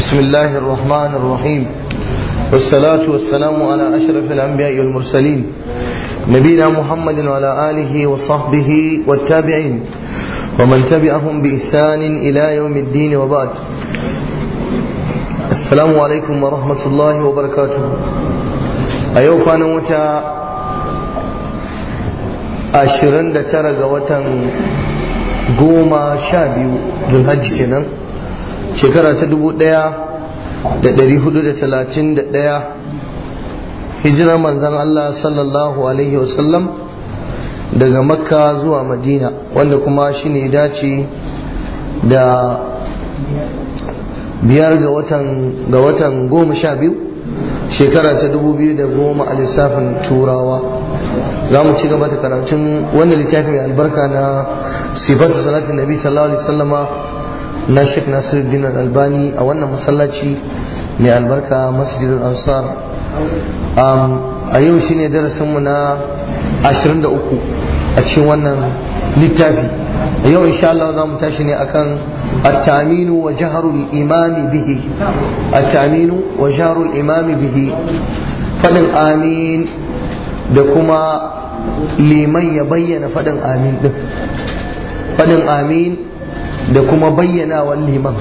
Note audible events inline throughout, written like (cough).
بسم الله الرحمن الرحيم والصلاة والسلام على أشرف الأنبياء والمرسلين نبينا محمد وعلى آله وصحبه والتابعين ومن تبعهم بإحسان إلى يوم الدين وبعد السلام عليكم ورحمة الله وبركاته أيوة كان متى أشرن ترى قوة قوما شابي ذو الحج كنا shekara ta dubu ɗaya da ɗari hudu da talatin da ɗaya hijirar manzan Allah sallallahu alaihi wasallam daga makka zuwa madina wanda kuma shi ne dace da biyar ga watan goma sha biyu shekara ta dubu biyu da goma a lissafin turawa za mu ci gaba da karatun wannan littafin albarka na sifar salatin nabi sallallahu alaihi wasallama na shek Nasiruddin albani a wannan masallaci mai albarka Masjidul Ansar um, a yau shine darasin mu na 23 a cikin wannan littafi a yau insha Allah za mu tashi ne akan at-taminu wa jaharul imami bihi at-taminu wa jaharul imami bihi fadin amin da kuma liman ya bayyana fadin amin din fadin amin da kuma bayyanawar liman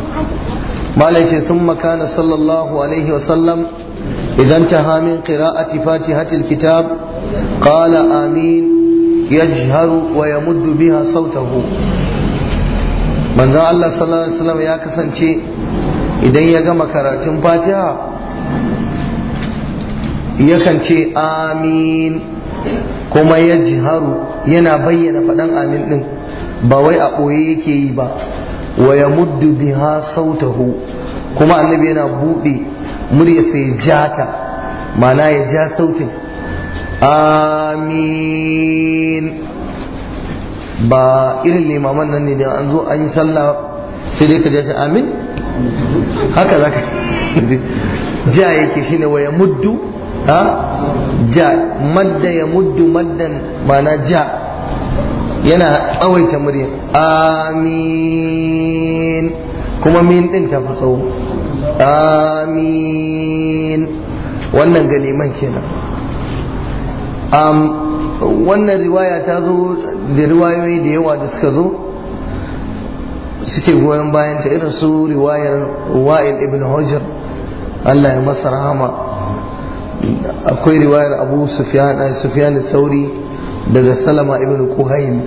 malaice sun makana sallallahu alaihi wasallam idan ta hamin qira'ati fatihatil kitab qala amin yajharu wa yamuddu biha sautahu manzo Allah sallallahu alaihi wasallam ya kasance idan ya gama karatun fatiha yakan ce amin kuma jiharu yana bayyana faɗan amin ɗin. ba wai a ɓoye yake yi ba wa ya muddu biha sautahu kuma annabi yana buɗe murya sai ja ta ma'ana ya ja sautin amin ba irin limaman nan ne da an zo an yi sallah sai dai ka ja shi amin haka za ka (laughs) ja yake shine wa ya muddu ha ja madda ya muddu maddan ma'ana ja yana tsawaita murya amin kuma min din ta fatso amin wannan man kenan wannan riwaya ta zo da riwayoyi da yawa da suka zo suke goyon bayan ta irin su riwayar wa'il ibn hajar Allah ya masa rahama akwai riwayar abu sufyan sauri daga salama ibn kuhaim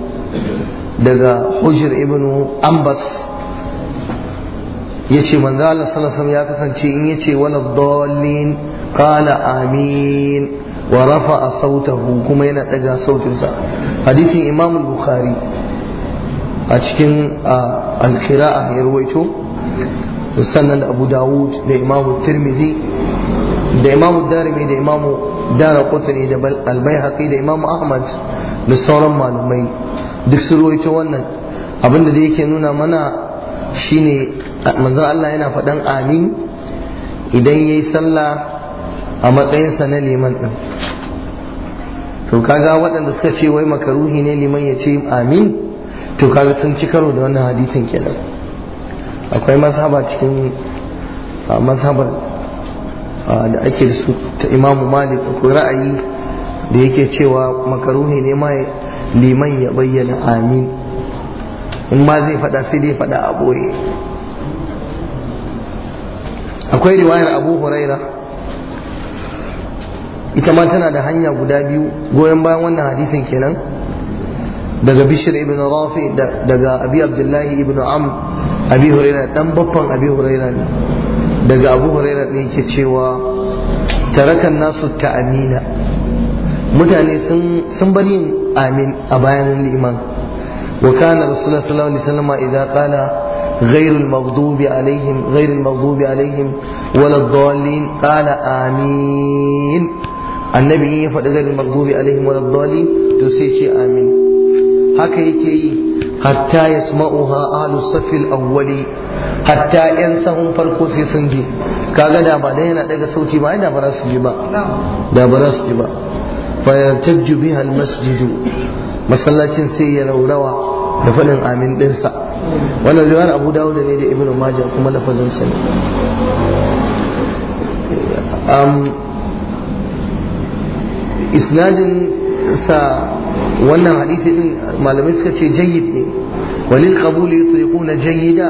daga hujjar ibn ambas ya ce manzo Allah ya kasance in ya yace wala dallin kala amin wa a sautahu kuma yana daga sautinsa hadisin imam bukhari a cikin alkira a ya ruwaito sannan da abu dawud da imam tirmidhi da imam darimi da imam dara kutani da albai haƙi da imam ahmad da sauran malamai. duk sun ruwaito wannan abinda da yake nuna mana shine manzo Allah yana faɗan amin idan yayi sallah a matsayinsa na liman ɗin. to kaga waɗanda suka ce wai makaruhi ne liman ya ce amin to kaga sun ci karo da wannan hadithin kenan akwai mazhaba cikin mazhabar da ake da su ta imamu malik ko ra'ayi da yake cewa makaruhi ne ma liman ya bayyana amin in ma zai faɗa sai dai faɗa a boye akwai riwayar abu huraira ita ma tana da hanya guda biyu goyon bayan wannan hadisin kenan daga bishir ibn rafi daga abi abdullahi ibn am abi huraira dan baffan abi huraira ne daga abu huraira da yake cewa tarakan nasu ta'amina mutane sun bari yin amin a bayan liman wa kana rasulullah sallallahu alaihi wasallam idza qala غير المغضوب عليهم غير المغضوب عليهم ولا الضالين قال آمين النبي يفعل غير المغضوب عليهم ولا الضالين تسيشي آمين حتى يسمعها أهل الصف hatta yan sahun farko sai sun je kaga da ba dai yana daga sauti ba da ba su je ba da ba za su je ba fa yartajju biha al masallacin sai ya raurawa da fadin amin dinsa wannan riwayar Abu Dawud ne da Ibn Majah kuma lafazin sa ne isnadin sa wannan hadisi din malamai suka ce jayyid ne walil qabul yutliquna jayyida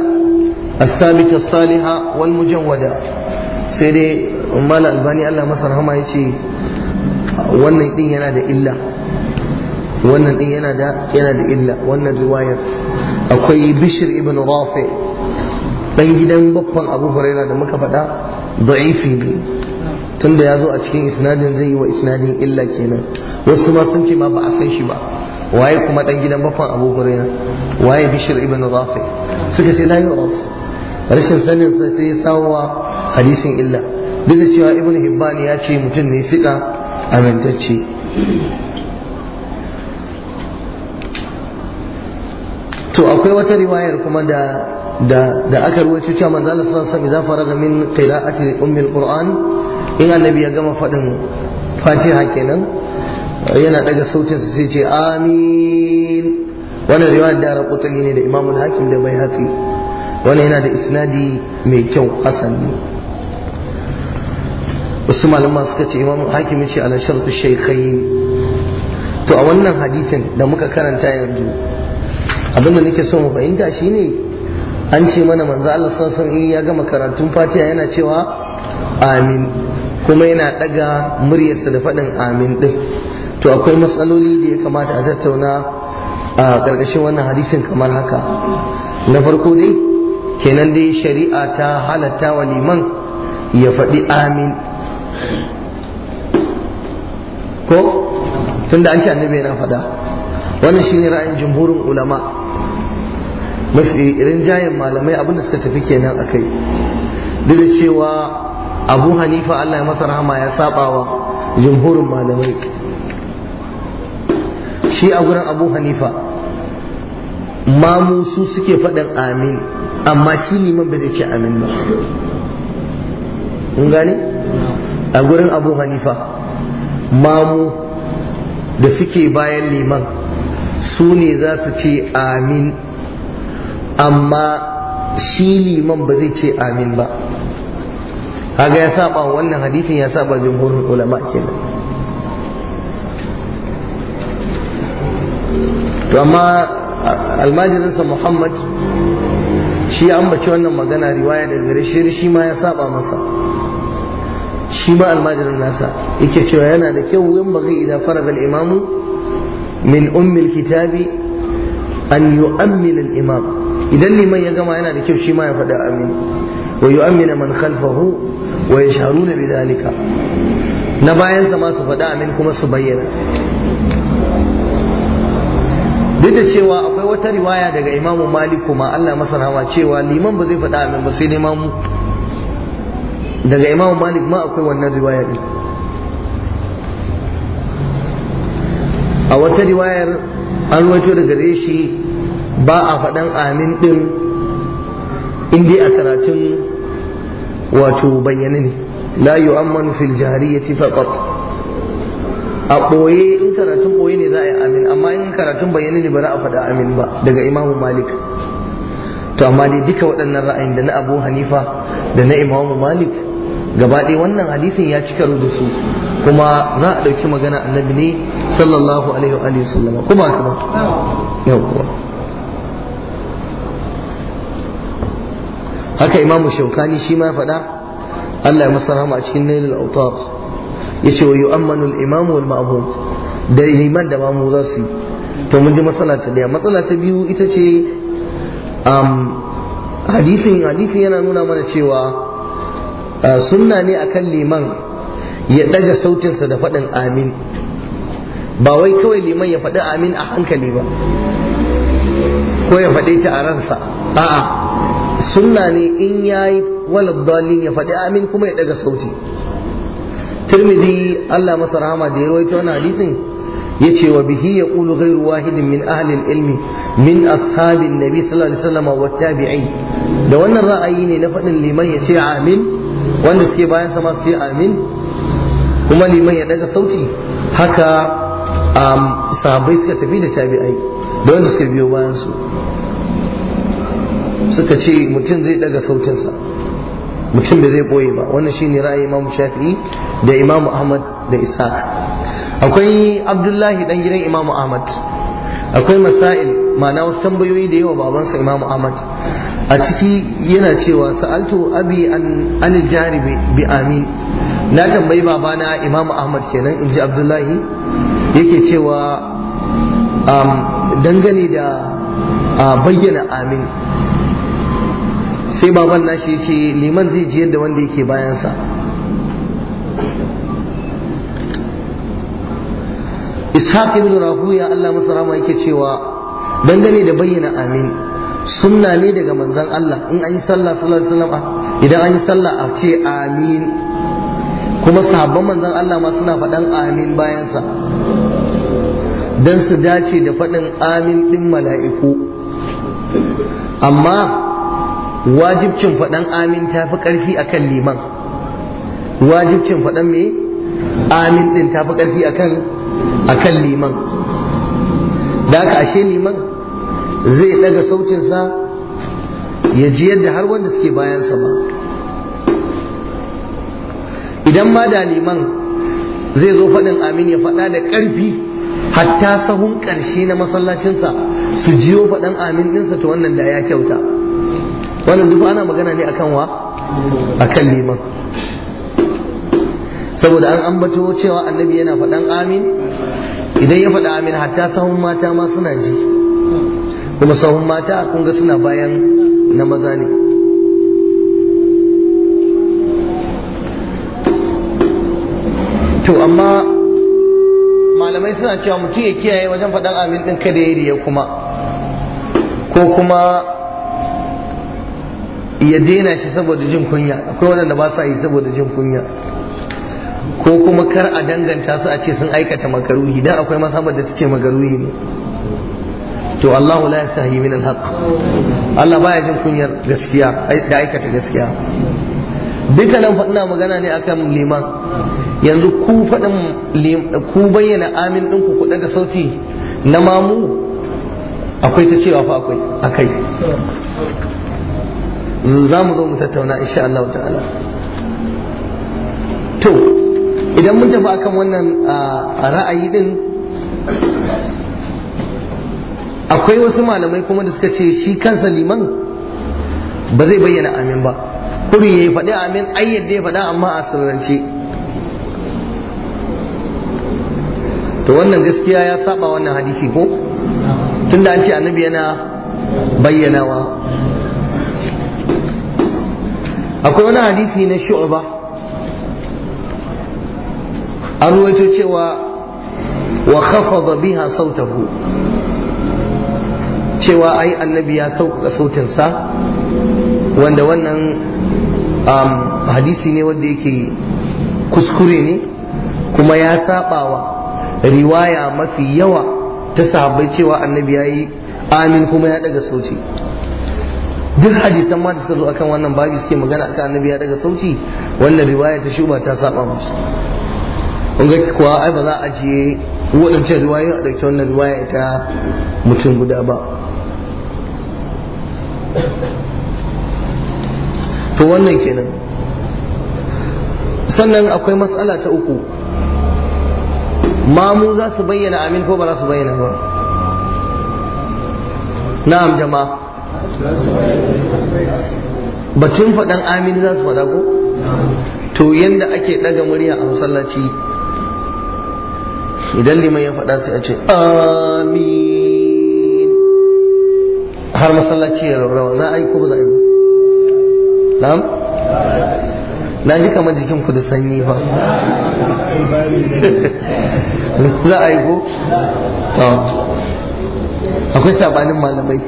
الثابت الصالحة والمجودة سيدي مال الباني الله مصر هما يتي wannan din yana da illa wannan din yana da illa wannan riwayar akwai bishir ibn rafi Ɗan gidan babban abu huraira da muka faɗa tunda ya zo a cikin isnadin zai yi wa isnadin illa kenan wasu ma sun ce ma ba a san shi ba waye kuma dan gidan bafan abu huraira waye bishir ibn rafi suka ce la rafi rashin sanin sa sai ya sawowa hadisin illa duk da cewa ibn hibban ya ce mutum ne sika amintacce to akwai wata riwayar kuma da da da aka ruwaito cewa manzo Allah sallallahu alaihi wasallam idan faraga min qira'ati ummil qur'an in annabi ya gama faɗin fatiha kenan yana daga sautin sa sai ce amin wannan riwayar da raƙutani ne da imamul hakim da bai haƙi wannan yana da isnadi mai kyau hasan ne wasu malama suka ce imamul hakim ce ala shartu shaykhain to a wannan hadisin da muka karanta yanzu abin da nake so mu fahimta shine an ce mana manzo Allah sallallahu alaihi wasallam in ya gama karatun fatiha yana cewa amin kuma yana ɗaga muryarsa da faɗin amin ɗin to akwai matsaloli da ya kamata a tattauna a ƙarƙashin wannan hadisin kamar haka na farko dai kenan dai shari'a ta halatta wa liman ya faɗi amin ko tun da an ci annabi yana faɗa wannan shine ra'ayin jumhurin ulama mafi rinjayen malamai abinda suka tafi kenan akai duk da cewa abu hanifa allah ya masa rahama ya sabawa jumhurin malamai shi a gurin abu hanifa mamu su suke faɗin amin amma shi liman bai ce amin ba kun gane a gurin abu hanifa mamu da suke bayan liman su ne za su ce amin amma shi liman ba zai ce amin ba kaga ya saba wannan hadisin ya saba jumhurin ulama kenan to amma almajirinsa muhammad shi ya ambaci wannan magana riwaya da gare shi shi ma ya saba masa shi ba almajirin nasa yake cewa yana da kyau yin bagai idan faraga imamu min ummil kitabi an yu'ammil al-imam idan liman ya gama yana da kyau shi ma ya faɗa amin wa yu'ammina man khalfahu wa ya sharu na bayan sa su faɗa amin kuma su bayyana duk da cewa akwai wata riwaya daga imamu malik kuma Allah masa rahama cewa liman ba zai faɗa amin ba sai dai mamu daga imamu malik ma akwai wannan riwaya din a wata riwayar an ruwaito daga gare shi ba a faɗan amin din in dai a karatun wato bayyana ne la yu'ammanu fil jariyati faqat a ɓoye in karatun ɓoye ne za a yi amin amma in karatun bayyana ne ba za a faɗa amin ba daga imamu malik to amma dai duka waɗannan ra'ayin da na abu hanifa da na imamu malik gaba ɗaya wannan hadisin ya cika da su kuma za a ɗauki magana annabi ne sallallahu alaihi wa sallama kuma kuma kuma haka imamu shaukani shi ma ya faɗa Allah ya masa rahama a cikin nailul autar ya ce wa yu'ammanu al-imamu wal ma'mum da iman da mamu za su to mun ji matsala ta daya matsala ta biyu ita ce hadithin hadithin yana nuna mana cewa sunna ne akan liman ya daga sautinsa da faɗin amin ba wai kawai liman ya faɗi amin a hankali ba ko ya faɗe ta a ransa a'a sunna ne in yayi walad dalin ya faɗi amin kuma ya daga sauti tirmidhi Allah masa rahama da ya rawaito wani hadisin yace wa bihi ƙulu gairu wahidin min ahalin ilmi min ashabin nabi sallallahu alaihi wasallam wa tabi'in da wannan ra'ayi ne na faɗin liman yace amin wanda suke bayan sama su amin kuma liman ya daga sauti haka sahabbai suka tafi da tabi'ai da wanda suka biyo bayan su suka ce mutum zai daga sautinsa mutum bai zai boye ba wannan shine ra'ayi imam shafi'i da imam ahmad da isa akwai abdullahi dan gidan imam ahmad akwai masail mana wasu tambayoyi da yawa babansa imam ahmad a ciki yana cewa sa'altu abi an bi amin na tambayi babana imam ahmad kenan in ji abdullahi yake cewa dangane da bayyana amin sai baban nashi ya ce liman zai jiyar da wanda yake bayansa ishaq ibn ya Allah masa rama yake cewa dangane da bayyana amin sunna ne daga manzon Allah in an yi sallah sallallahu alaihi idan an yi sallah a ce amin kuma sahabban manzan Allah ma suna faɗan amin bayansa dan su dace da faɗin amin din mala'iku amma wajibcin faɗan amin ta fi ƙarfi a kan liman wajibcin faɗan me amin ɗin ta fi ƙarfi a kan liman da aka ashe liman zai ɗaga sautinsa ya ji yadda har wanda suke bayansa ba idan ma da liman zai zo faɗin amin ya faɗa da ƙarfi hatta sahun ƙarshe na masallacinsa su jiyo faɗan amin ɗinsa ta wannan da ya kyauta wannan duk ana magana ne akan wa akan liman saboda an ambato cewa annabi yana faɗan amin idan ya faɗa amin hatta sahun mata ma suna ji kuma sahun mata kun ga suna bayan na maza ne to amma malamai suna cewa mutum ya kiyaye wajen faɗan amin ɗin kada ya riya kuma ko kuma ya dena shi saboda jin kunya akwai wadanda ba sa yi saboda jin kunya ko kuma kar a danganta su a ce sun aikata makaruhi dan akwai masabar da tace makaruhi ne to Allah la yastahi min al-haq Allah baya jin kunyar gaskiya da aikata gaskiya duka nan faɗina magana ne akan liman yanzu ku faɗin ku bayyana amin ɗin ku kuɗa da sauti na mamu akwai ta cewa fa akwai akai za mu zo mu tattauna insha Allah ta'ala to idan mun tafi akan wannan ra'ayi din akwai wasu malamai kuma da suka ce shi kansa liman ba zai bayyana amin ba kurin ya yi faɗi amin yadda ya faɗa amma a sirrance to wannan gaskiya ya saba wannan hadisi ko tunda an ce annabi yana bayyanawa akwai wani hadisi na shu'ba an ruwaito cewa wa khafada biha sautahu cewa ai annabi ya sauka sauƙaƙa sa wanda wannan um, hadisi ne wanda yake kuskure ne kuma ya saɓawa riwaya mafi yawa ta sahabbai cewa annabi ya yi amin kuma ya ɗaga sauti duk hadisan ma da suka zo akan wannan babi suke magana akan annabi ya daga sauti wannan riwaya ta shuba ta saba musu kun ga kuwa ai ba za a je waɗancan riwayoyi a ɗauki wannan riwaya ta mutum guda ba to wannan kenan sannan akwai matsala ta uku mamu za su bayyana amin ko ba za su bayyana ba na'am jama'a batun faɗan amin za su faɗa ko to yadda ake ɗaga murya a masallaci idan liman ya faɗa sai a ce amin har masallaci ya rarrawa za a yi ko ba za a yi ba na'am na ji kamar jikin ku da sanyi ba (laughs) za a yi ko akwai sabanin malamai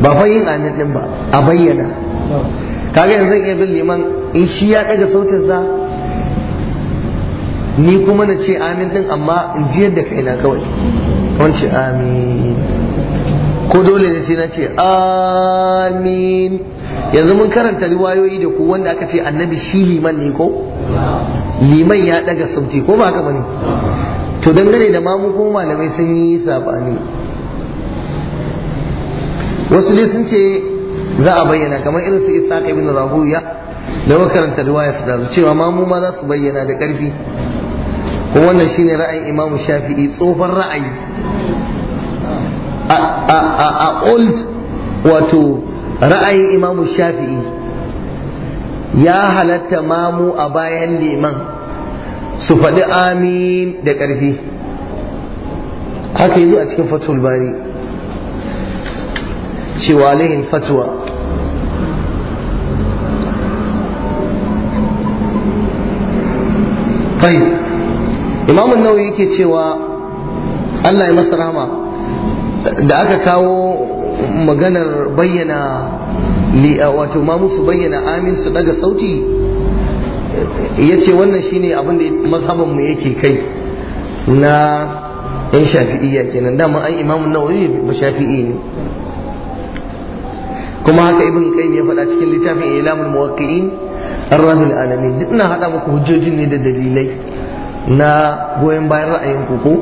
ba fa yin amin din ba a bayyana kaga yanzu iya bin liman in shi ya daga sautinsa ni kuma na ce amin din amma in ji yadda kai na kawai wance amin ko dole ne sai na ce amin yanzu mun karanta riwayoyi da ku wanda aka ce annabi shi liman ne ko liman ya daga sauti ko ba haka bane to dangane da mamu kuma malamai sun yi sabani wasu dai sun ce za a bayyana kamar irin su isaka ibn rahuya da makaranta riwaya su da cewa ma ma za su bayyana da karfi ko wannan shine ra'ayin imam shafi'i tsofan ra'ayi a old wato ra'ayin imam shafi'i ya halatta mamu a bayan liman su faɗi amin da ƙarfi haka yanzu a cikin fatul bari cewa alaihin Fatuwa, kai, imamun nau'i yake cewa Allah ya masa rama, da aka kawo maganar bayyana wato ma musu bayyana amin su daga sauti ya ce wannan shine abin da mazhaban mu yake kai na yan shafi'iyya kenan dama an imamun nawa ba shafi'i ne kuma haka ibn kai ya faɗa cikin littafin ilamul muwaqqi'in ar-rahil alamin duk ina haɗa muku hujjojin ne da dalilai na goyon bayan ra'ayin ku ko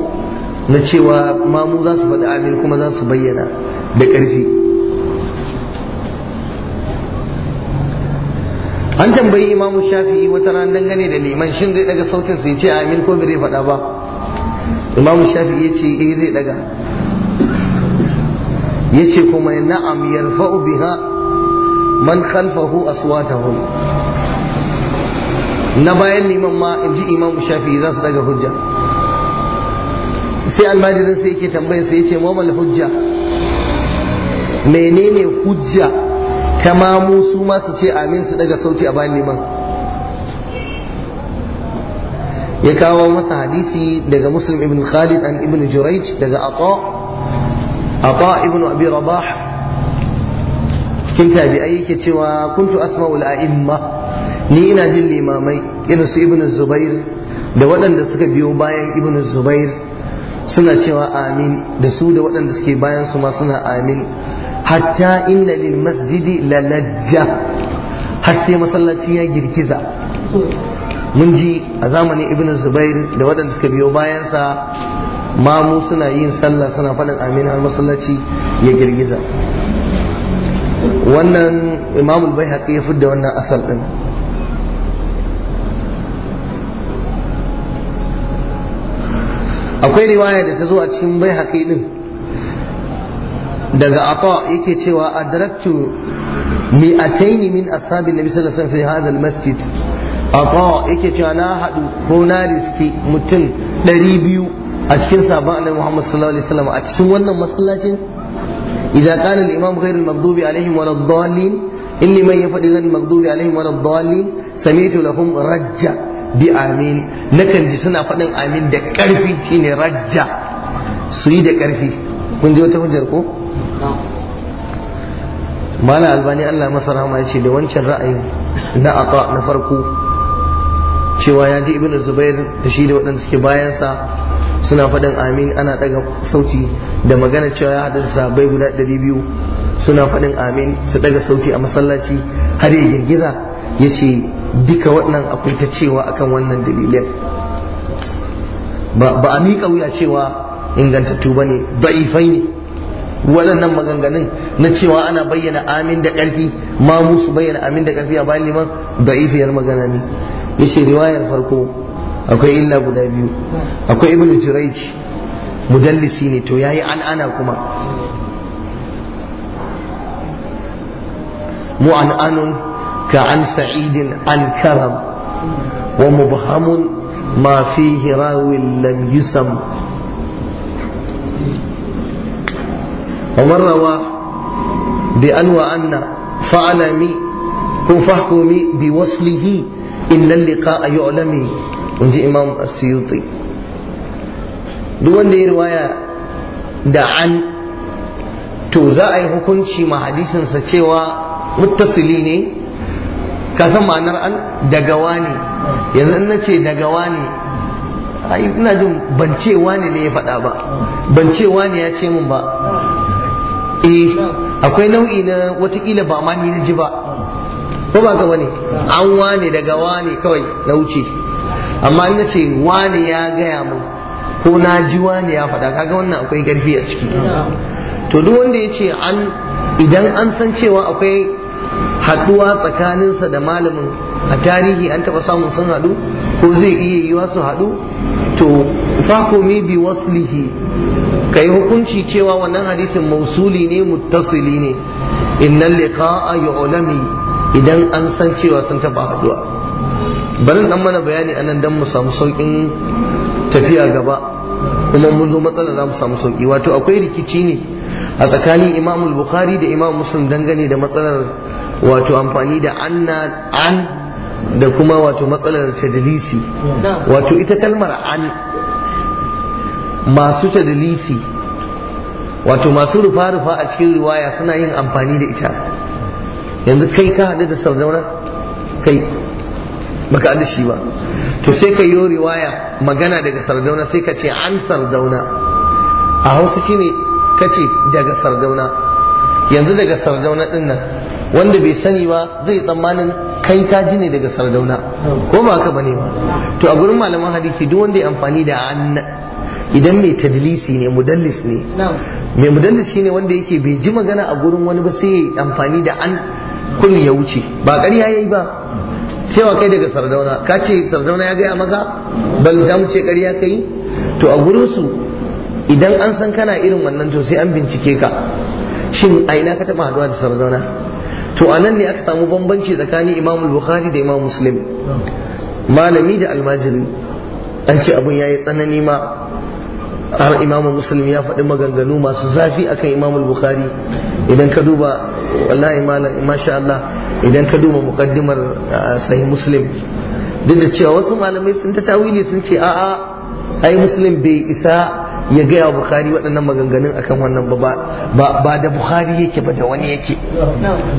na cewa mamu za su faɗi amin kuma za su bayyana da ƙarfi an tambayi imamu shafi'i wata ran dangane da liman shin zai daga sautin sai ce amin ko bai faɗa ba imamu shafi'i ya ce eh zai daga yace kuma na'am yarfa'u biha man khalfahu aswatahum na bayan liman ma in ji imam shafi za su daga hujja sai almajirin sai yake tambayar sai yace mamal hujja menene hujja ta mamu su ma su ce amin su daga sauti a bayan liman ya kawo masa hadisi daga muslim ibn khalid an ibn jurayj daga ata عطاء بن أبي رباح كنت بأيك توا كنت أسمع الأئمة ni ina jin limamai irin su ibn zubair da waɗanda suka biyo bayan ibn zubair suna cewa amin da su da waɗanda suke bayan su ma suna amin hatta inna lil masjidi la lajja har sai masallaci ya girgiza mun ji a zamanin ibn zubair da waɗanda suka biyo bayansa mamu suna yin sallah suna faɗin amina har masallaci ya girgiza wannan imamul bai haƙi ya fidda wannan asar ɗin akwai riwaya da ta zo a cikin bai haƙi ɗin daga ato yake cewa a a taini min ashabin na bisa da san fi hadal masjid ato yake cewa na haɗu ko na riski mutum ɗari biyu a cikin sabon annabi Muhammad sallallahu alaihi wasallam a cikin wannan masallacin idan qala al-imam ghayr al-maghdubi alaihi wa ad-dallin inni man yafadi zan maghdubi alaihi wa ad-dallin sami'tu lahum rajja bi amin nakan ji suna faɗin amin da karfi shine rajja su yi da ƙarfi kun ji wata hujjar ko mana albani Allah masa rahama ya ce da wancan ra'ayin na ata na farko cewa ya ji ibnu zubair da shi da waɗanda suke bayansa suna faɗin amin ana daga sauti da magana cewa ya haɗu da guda ɗari biyu suna faɗin amin su ɗaga sauti a masallaci har ya girgiza ya ce duka waɗannan akwai ta cewa akan wannan dalilin ba a miƙa wuya cewa ingantattu ba ne ba'ifai ne waɗannan maganganun na cewa ana bayyana amin da ƙarfi ma musu bayyana amin da ƙarfi a bayan liman ba'ifiyar magana ne ya ce riwayar farko akwai illa guda biyu akwai ibn jurayj mudallisi ne to yayi an ana kuma mu an anun ka an sa'idin an karam wa mubhamun ma fihi rawin lam yusam ومن روى بأن وأن فعلمي وفحكمي بوصله إن اللقاء يعلمي in ji imam asiyuti duk wanda ya riwaya da an to za a yi hukunci ma hadisinsa cewa muttasili ne ka san ma'anar an dagawa ne yanzu in nace dagawa ne ai ina jin ban ce wani ne ya faɗa ba ban ce wani ya ce min ba eh akwai nau'i na watakila ba ma ni ji ba ko ba ka wani an wane daga ne kawai na wuce amma in ce wani ya gaya mu ko na ji wani ya faɗa kaga wannan akwai ƙarfi a ciki to duk wanda ya ce an idan an san cewa akwai haɗuwa tsakaninsa da malamin a tarihi an taɓa samun sun haɗu ko zai iya yiwa su haɗu to fakomi bi waslihi ka yi hukunci cewa wannan hadisin mausuli ne muttasili ne innan liqa'a yu'lami idan an san cewa sun taɓa haɗuwa barin dan mana bayani anan dan mu samu saukin tafiya gaba kuma mun zo matsala za mu samu sauki wato akwai rikici ne a tsakanin imam bukhari da imam muslim dangane da matsalar wato amfani da anna an da kuma wato matsalar tadlisi wato ita kalmar an masu tadlisi wato masu rufa rufa a cikin riwaya suna yin amfani da ita yanzu kai ka haɗu da sardauna kai baka an shi ba to sai ka yi riwaya magana daga sardauna sai ka ce an sardauna a hausa ne ka ce daga sardauna yanzu daga sardauna din nan wanda bai sani ba zai tsammanin kai ka ji ne daga sardauna ko ba ka bane ba to a gurin malaman hadisi duk wanda ya amfani da an idan mai tadlisi ne mudallis ne mai mudallis shine wanda yake bai ji magana a gurin wani ba sai amfani da an kun ya wuce ba ƙarya yayi ba cewa kai daga sardauna ka ce sardauna ya gaya maka bal za mu ce ƙarya yi to a gurinsu idan an san kana irin wannan to sai an bincike ka shin a ina ka taɓa haɗuwa da sardauna to a nan ne aka samu bambanci tsakanin imam bukhari da imam muslim malami da almajiri an ce abun ya yi tsanani ma har imamu muslim ya faɗi maganganu masu zafi akan imamul bukhari idan ka duba wallahi malam masha Allah idan ka duba mukaddimar sahih muslim duk da cewa wasu malamai sun ta tawili sun ce a ai muslim bai isa ya gaya wa bukhari waɗannan maganganun akan wannan ba ba da bukhari yake ba da wani yake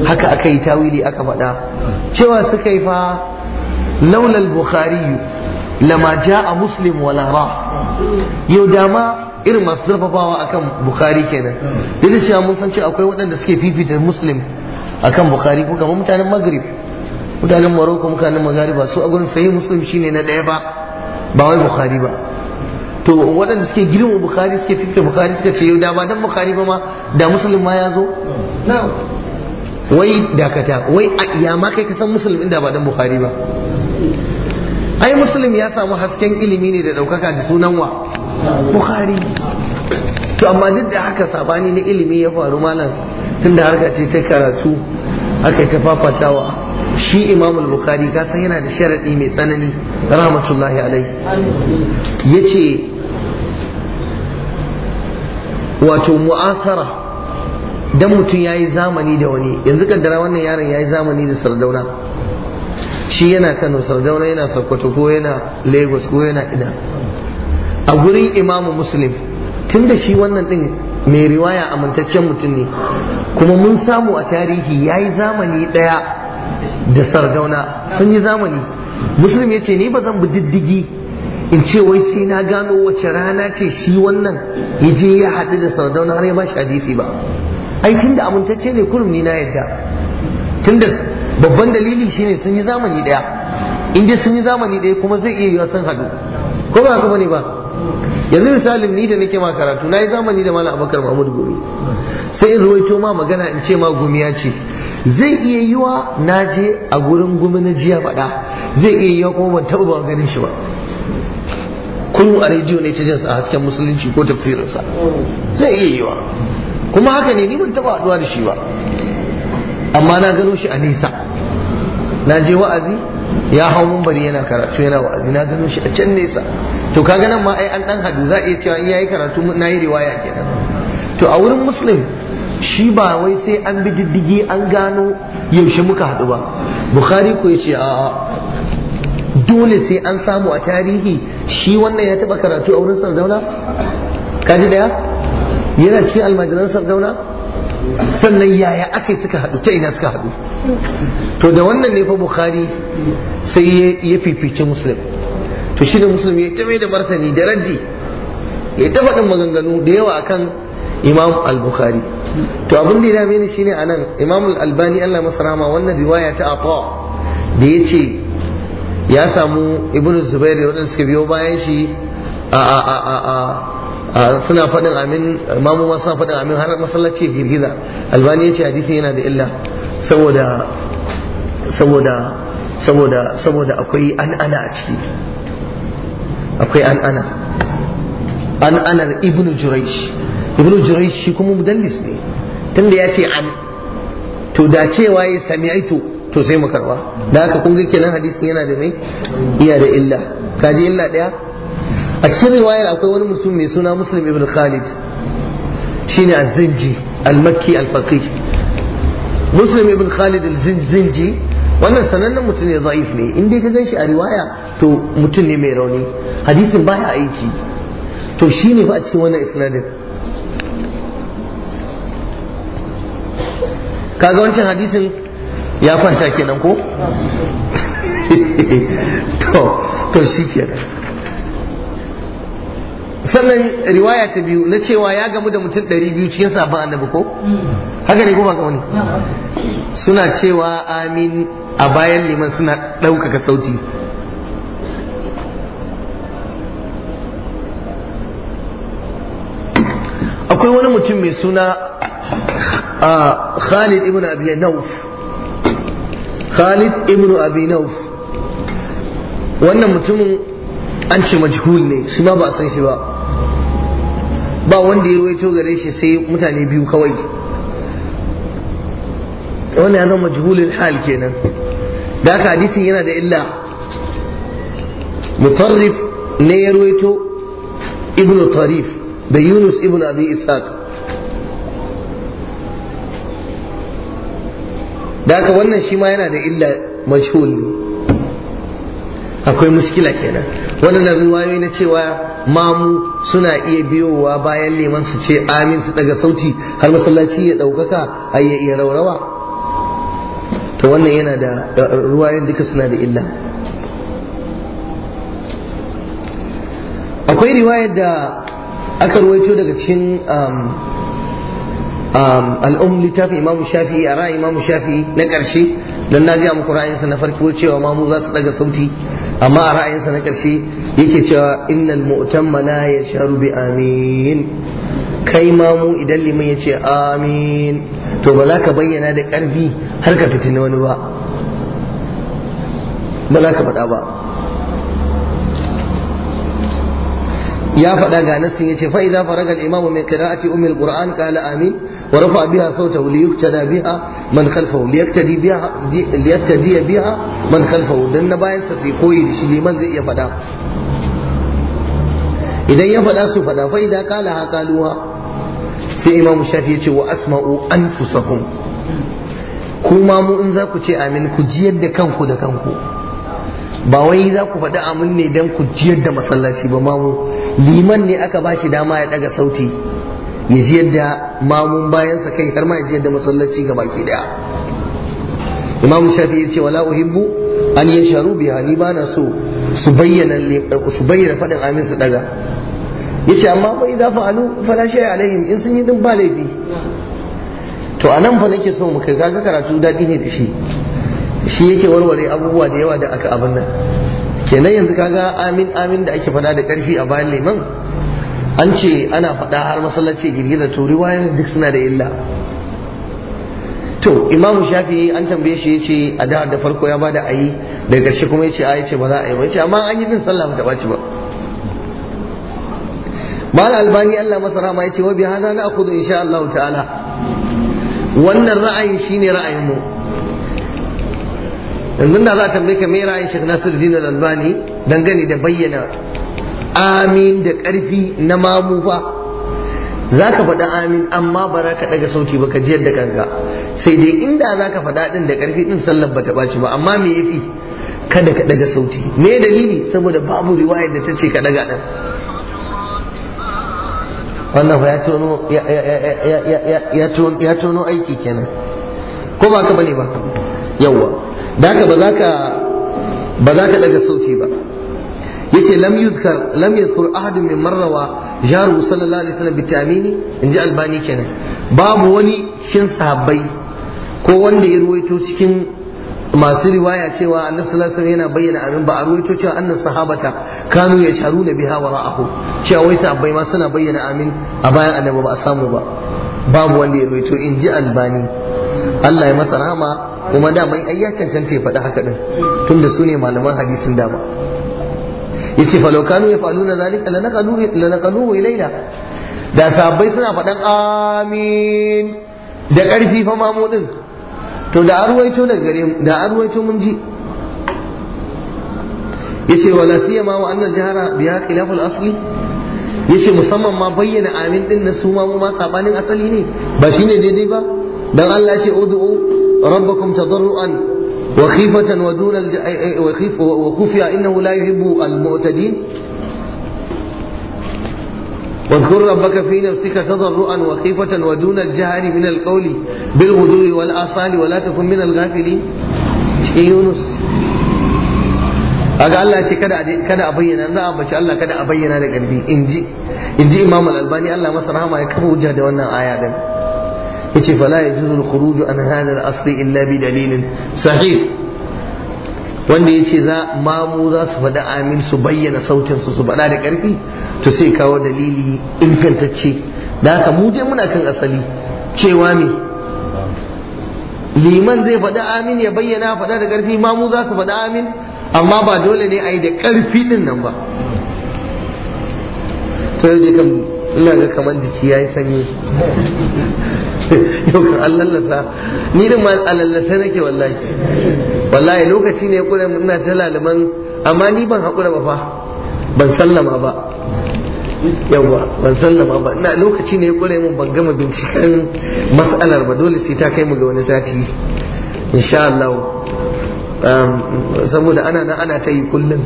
haka aka yi tawili aka faɗa cewa suka yi fa laulal bukhari lama ja'a muslim wala ra yau dama irin masu zurfafawa akan bukhari kenan duk da cewa mun san cewa akwai waɗanda suke fifita muslim akan bukari ko kamar mutanen maghrib mutanen morocco mutanen maghariba su a gurin sahih muslim shine na daya ba ba wai bukari ba to waɗanda suke girma bukari, suke fifta bukari, suka ce da ba dan bukari ba ma da muslim ma ya zo wai dakata wai a iya ma kai ka san muslim inda ba dan bukari ba ai muslim ya samu hasken ilimi ne da ɗaukaka da sunan wa bukari to amma duk da haka sabani na ilimi ya faru malam tunda harka ce ta karatu aka yi ta fafatawa shi imam bukari ka san yana da sharaɗi mai tsanani rahmatullahi alai ya ce wato mu'asara da mutum ya yi zamani da wani yanzu kaddara wannan yaron ya yi zamani da sardauna shi yana kano sardauna yana sokoto ko yana lagos ko yana ina a gurin imamu muslim tun da shi wannan din mai riwaya amintaccen mutum ne kuma mun samu a tarihi ya yi zamani ɗaya da sardauna sun yi zamani musulmi ya ce ni ba zan bi diddigi in ce wai sai na gano wace rana ce shi wannan ya je ya haɗu da sardauna har ya ba shi hadisi ba ai amintacce ne kurum ni na yadda tun da babban dalili shine sun yi zamani ɗaya in dai sun yi zamani ɗaya kuma zai iya yiwa sun haɗu ko ba haka bane ba yanzu misalin ni da nake ma karatu na yi zamani da malam abakar mahmud gumi sai in ruwaito ma magana in ce ma ya ce zai iya yiwa na je a gurin gumi na jiya faɗa zai iya yiwa kuma ban taɓa ban ganin shi ba kullum a rediyo ne ta jin a hasken musulunci ko tafsirinsa zai iya yiwa kuma haka ne ni ban taɓa haɗuwa da shi ba amma na gano shi a nisa na je wa'azi ya hau mumbari yana karatu yana wa'azi na gano shi a can nesa to kaga nan ma ai an dan hadu za a iya cewa in yayi karatu na yi riwaya kenan to a wurin muslim shi ba wai sai an bi diddigi an gano yaushe muka hadu ba bukhari ko yace a dole sai an samu a tarihi shi wannan ya taba karatu a wurin sardauna kaji daya yana cikin almajiran sardauna sannan yaya aka suka haɗu ta ina suka haɗu to da wannan ne fa bukhari sai ya fifice muslim to shi da muslim ya ta da martani da raji ya ta faɗin maganganu da yawa akan imam al-bukhari to abin da ya dame ni shine anan imam al-albani Allah masa rahama wannan riwaya ta ata da yace ya samu ibnu zubair da waɗanda suka biyo bayan shi a a a a Ah, suna faɗin amin mamu ma suna faɗin amin har masallaci girgiza albani ya ce hadisi yana da illa saboda saboda saboda saboda akwai an'ana a ciki akwai an'ana an'anar ibnu juraish ibnu juraish shi kuma mudallis ne tunda ya ce an to da cewa ya aito to sai mu karba da haka kun ga kenan hadisin yana da mai iya da illa kaji illa daya a cikin riwayar akwai wani mutum mai suna muslim ibn khalid shine a zinji al-makki al-faqih muslim ibn khalid al-zinji wannan sanannen mutum ne za'if ne in dai ka gan shi a riwaya to mutum ne mai rauni hadisin baya aiki to shi ne fa a cikin wannan isnadin kaga wancan hadisin ya kwanta kenan ko (laughs) to to shi ke. sannan riwaya ta biyu na cewa ya gamu da mutum ɗari biyu cikin sabon annabi ko haka ne ko ba wani suna cewa amin a bayan liman suna ɗaukaka sauti akwai wani mutum mai suna Khalid ibn Abi Nauf Khalid ibn Abi Nauf wannan mutumin an ce majhul ne shi ma ba a san shi ba ba wanda ya ruwaito gare shi sai mutane biyu kawai wani ya zama juhulul hal kenan da haka hadisin yana da illa mutarrif ne ya ruwaito ibn tarif da yunus ibn abi ishaq da haka wannan shi ma yana da illa mashhul ne akwai muskila kenan na riwayoyi na cewa mamu suna iya biyowa bayan liman su ce amin su daga sauti har masallaci ya ɗaukaka a ya raurawa to wannan yana da ruwayoyin duka suna da illa akwai riwayar da aka ruwaito daga cikin um, um, al'um littafin imamu shafi, a ra'ayin imamu shafi'i na ƙarshe don na gaya muku ra'ayinsa na farko cewa mamu za su daga sauti amma a ra'ayinsa na ƙarshe yake cewa innal mu'tamma ya sha bi amin kai ma mu idan liman yace amin to ba za ka bayyana da ƙarfi har ka fitina wani ba ba za ka faɗa ba ya faɗa ga nassin yace fa idza faraga al-imamu min qira'ati ummi al-qur'an qala amin wa rafa'a biha sawtahu li yuktada biha man khalfahu li yaktadi biha li yaktadi biha man khalfahu dan na bayan sa sai koyi da shi liman zai iya faɗa idan ya faɗa su faɗa fa idza qala ha qaluha sai imam shafi yace wa asma'u anfusakum kuma mu in za ku ce amin ku jiyar da kanku da kanku ba wai za ku faɗi amin ne don ku jiyar da masallaci ba mamu liman ne aka ba shi dama ya ɗaga sauti ya jiyar da mamun bayansa kai har ma ya jiyar da masallaci ga baki ɗaya. imamu shafi ya ce wala uhibbu an yi sharu biya ni ba na so su bayyana su bayyana faɗin amin su ɗaga ce amma fa idza fa'alu fala shay'a alaihim in sun yi din ba laifi to anan fa nake so mu kai kaga karatu daɗi ne da shi shi yake warware abubuwa da yawa da aka abin nan kenan yanzu kaga amin amin da ake fada da karfi a bayan liman an ce ana faɗa har masallaci girgiza to riwayar duk suna da illa to imamu shafi an tambaye shi yace a da da farko ya bada ayi daga ƙarshe kuma yace a ce ba za a yi ba yace amma an yi din sallah ba ta ɓaci ba mal albani Allah masara ma yace wa bi hada na akhudhu insha Allah ta'ala wannan ra'ayin shine ra'ayin mu yanzu da za a tambaye ka me ra'ayin Sheikh Nasiruddin ne don dangane da bayyana amin da ƙarfi na mamu fa za ka faɗi amin amma ba za ka ɗaga sauti ba ka jiyar da kanka sai dai inda za ka faɗa ɗin da ƙarfi ɗin sallar ba ta ɓaci ba amma me yafi kada ka ɗaga sauti me dalili saboda babu riwayar da ta ce ka ɗaga ɗin wannan fa ya tono aiki kenan ko ba ka bane ba yawwa da haka ba za ka ba za ka daga sauti ba ce lam yi lam yadhkur min marrawa jaru sallallahu alaihi wasallam bitamini ji albani kenan babu wani cikin sahabbai ko wanda ya ruwaito cikin masu riwaya cewa annabi sallallahu alaihi yana bayyana abin ba a ruwaito cewa annan sahabata kanu ya sharu na biha wa ra'ahu cewa wai sahabbai ma suna bayyana amin a bayan annabi ba a samu ba babu wanda ya ruwaito ji albani Allah ya masa rahama kuma dama ai ya cancanta ya faɗi haka din tunda su ne malaman hadisin dama ce fa law kanu na zalika lanaqalu wai laila da sabai suna faɗan amin da ƙarfi fa mamu din to da arwaito da gare da arwaito mun ji Ya ce wala ma wa annan jihara biya asali? Ya ce musamman ma bayyana amin din na su mamu mu ma sabanin asali ne ba shine daidai ba Don Allah ce ud'u ربكم تضرعا وخيفة ودون الج... وخفية إنه لا يحب المعتدين واذكر ربك في نفسك تضرعا وخيفة ودون الجهر من القول بالغدو والآصال ولا تكن من الغافلين يونس aga Allah ce kada kada a bayyana za a bace Allah kada a bayyana da inji inji Imam Al-Albani Allah masa rahama ya kafa hujja da wannan aya din yace fala yajuzu al-khuruj an hadha al-asl illa bi dalilin sahih wanda yace za mamu za su faɗi amin su bayyana sautin su su faɗa da ƙarfi to sai kawo dalili ingantacce da haka mu dai muna kan asali cewa me liman zai faɗi amin ya bayyana faɗa da ƙarfi mamu za su faɗi amin amma ba dole ne a yi da ƙarfi ɗin nan ba to yau kan ina ga kamar jiki ya yi sanyi (laughs) yau kan an ni da ma a nake wallahi wallahi lokaci ne kure muna ta laliman amma ni ban haƙura ba fa ban sallama ba yawa ban sallama ba na lokaci ne kure mun ban gama binciken matsalar ba dole sai ta kai mu ga wani sati insha Allah saboda ana nan ana ta yi kullum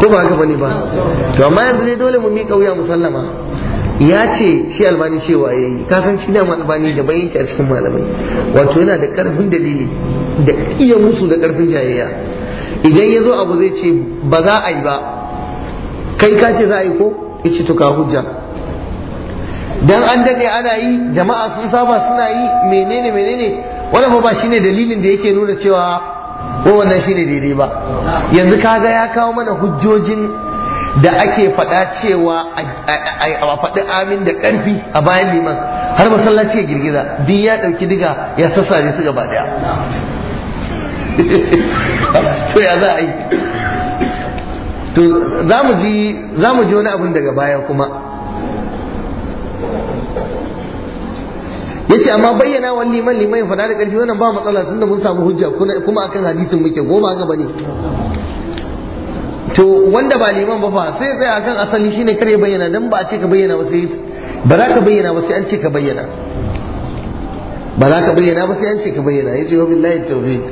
ko ba haka bane ba to amma yanzu dole mu miƙa wuya mu sallama ya ce shi albani cewa ya yi kakan shi ne albani da bayyanci a cikin malamai wato yana da karfin dalili da iya musu da karfin jayayya idan ya zo abu zai ce ba za a yi ba kai ka ce za a yi ko ya ce to hujja dan an dade ana yi jama'a sun saba suna yi menene menene wannan ba shine dalilin da yake nuna cewa ko wannan shine daidai ba yanzu kaga ya kawo mana hujjojin da ake faɗa cewa a faɗi amin da ƙarfi a bayan liman har masallaci ya girgiza biyu ya ɗauki diga ya sassaje su gaba ɗaya (laughs) to ya za a yi to za mu ji wani abin daga baya kuma yace amma bayyana wa liman liman faɗa da ƙarfi wannan ba matsala tunda mun samu hujja kuma akan hadisin muke goma gaba ne to wanda ba liman ba fa sai tsaya akan asali shine kare bayyana dan ba a ce ka bayyana ba sai ba za ka bayyana ba sai an ce ka bayyana ba za ka bayyana ba sai an ce ka bayyana yace wa billahi tawfiq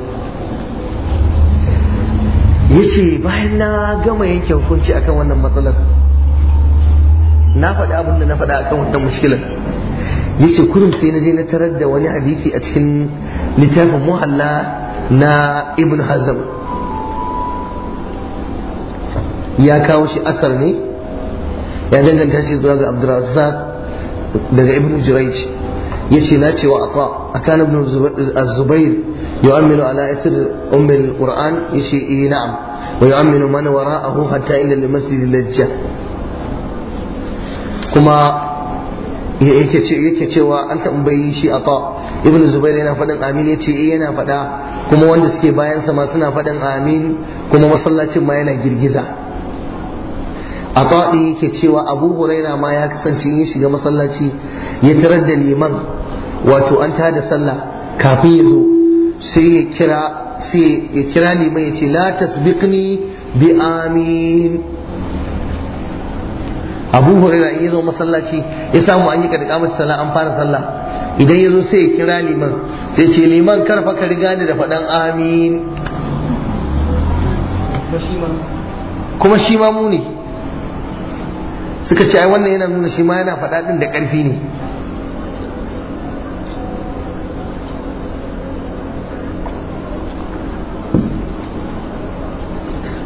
yace bayan na gama yanke hukunci akan wannan matsalar na faɗi abin da na faɗa akan wannan mushkilar yace kurum sai na je na tarar da wani hadisi a cikin littafin muhalla na ibn hazm ya kawo shi asar ne ya danganta shi zuwa ga abdurrazzaq daga ibn jurayj yace na cewa wa A akan ibn az-zubair yu'minu ala ithar umm al-qur'an yace eh na'am wa yu'minu man wara'ahu hatta inda al-masjid al kuma yake ce yake cewa an tambayi shi aqa ibn zubair yana faɗin amin yace eh yana faɗa kuma wanda suke bayan sa ma suna faɗin amin kuma masallacin ma yana girgiza A faɗi yake cewa abu huraira ma ya kasance yin shiga masallaci ya tarar da liman wato an tada sallah kafin ya zo sai ya kira sai ya kira liman ya ce la tasbiqni bi amin abu huraira in ya zo masallaci ya samu an yi karka masa sallah an fara sallah idan ya zo sai ya kira liman sai ce liman karfa ka riga ni da faɗan amin kuma shi ma mu ne suka ce ai wannan yana nuna shi ma yana faɗa ɗin da ƙarfi ne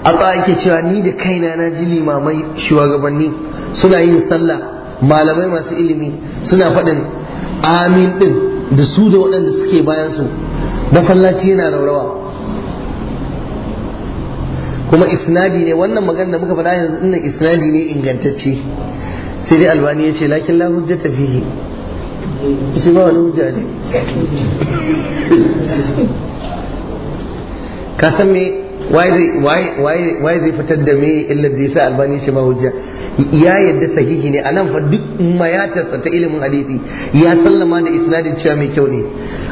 Allah yake cewa ni da kaina na ji limamai shugabanni suna yin sallah malamai masu ilimi suna faɗin amin ɗin da su da waɗanda suke bayan su masallaci yana raurawa kuma isnadi ne wannan magana muka faɗa yanzu inna isnadi ne ingantacce sai dai albani ya ce lakin la ta fihi shi ba wani hujja ne ka san me waye zai fitar da me illa da sa albani ce ma hujja ya yadda sahihi ne anan fa duk mayatarsa ta ilimin hadisi ya sallama da isnadin cewa mai kyau ne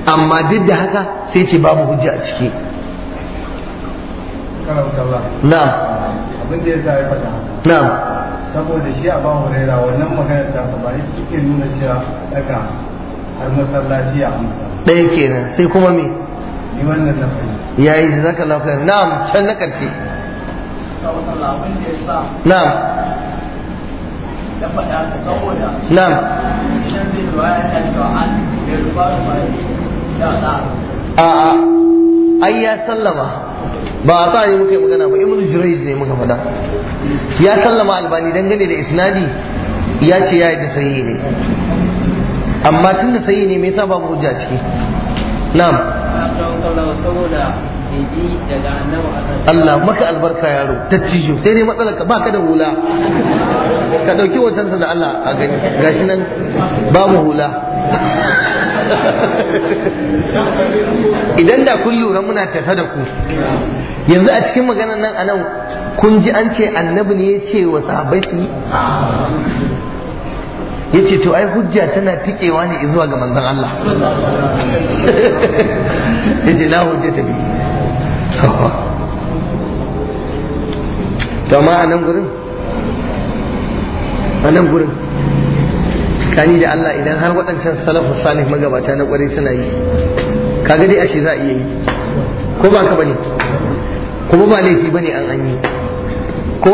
amma duk da haka sai ce babu hujja a ciki na'am abin da ya sa ya faɗa na'am saboda shi a ba wannan ta ba nuna cewa daga har masallaci a amsa ɗaya kenan sai kuma me ni wannan na fahimta yayi na'am can na karshe na'am na'am a'a ai ya sallama ba a sa yi muka yi magana ba ibnu jurayj ne muka faɗa ya sallama albani dangane da isnadi ya ce ya yi da sayi ne amma tun da sayi ne me yasa babu hujja ciki na'am Allah maka albarka yaro tattijo sai dai matsalar ka baka da hula ka dauki sa da Allah a gani gashi nan babu hula idan da kun lura muna tafe da ku yanzu a cikin maganar nan anan kun ji an ce annabi ne ya ce wa sahabai su ya ce to ai hujja tana tikewa ne zuwa ga manzon Allah (laughs) ya ce na hujja ta to amma a nan gurin a nan gurin kani da Allah idan har waɗancan salafu salih magabata na ƙwarai suna yi kaga dai ashe za a iya yi ko ba ka bane kuma ba laifi bane an an yi ko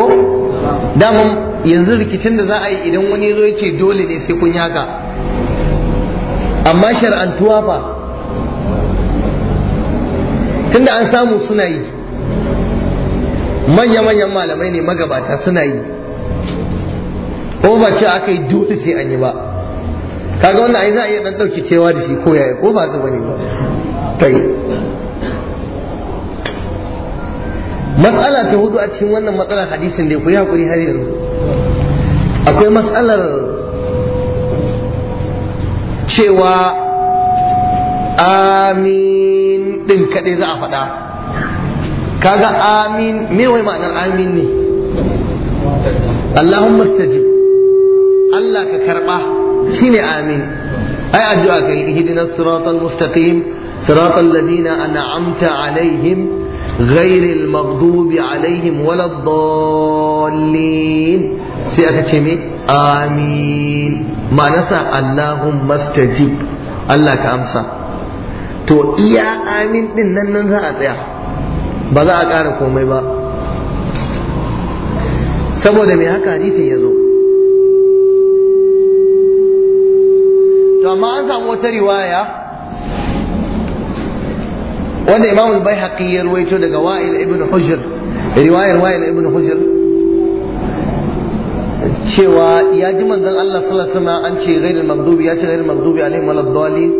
dama yanzu rikicin da za a yi idan wani zo ya ce dole ne sai kun yaka amma shar'antuwa fa tunda an samu suna yi manya-manyan malamai ne magabata suna yi ko ba ce aka yi dole sai an yi ba kaga wannan ai za a iya dan dauki kewa da shi ko yaya ko ba zai bane ba kai matsala ta hudu a cikin wannan matsalar hadisin da ku yi hakuri har yanzu akwai matsalar cewa amin din kaɗai za a faɗa kaga amin me wai ma'anar amin ne Allahumma stajib Allah ka karɓa shi amin ai addu'a kai ihdina siratal mustaqim siratal ladina an'amta alaihim ghairil maghdubi alaihim walad dallin sai aka ce amin ma'ana sa allahumma stajib Allah ka amsa to iya amin din na nan za a tsaya ba za a ƙara komai ba saboda mai haka hadisin ya zo amma an samu wata riwaya wanda imamu bai baihaqi ya ruwaito daga Wa'il ibn Hujr riwayar Wa'il ibn Hujr cewa ya ji manzon Allah sallallahu alaihi wasallam an ce ghairul maghdubi ya ce ghairul maghdubi alaihim waladdallin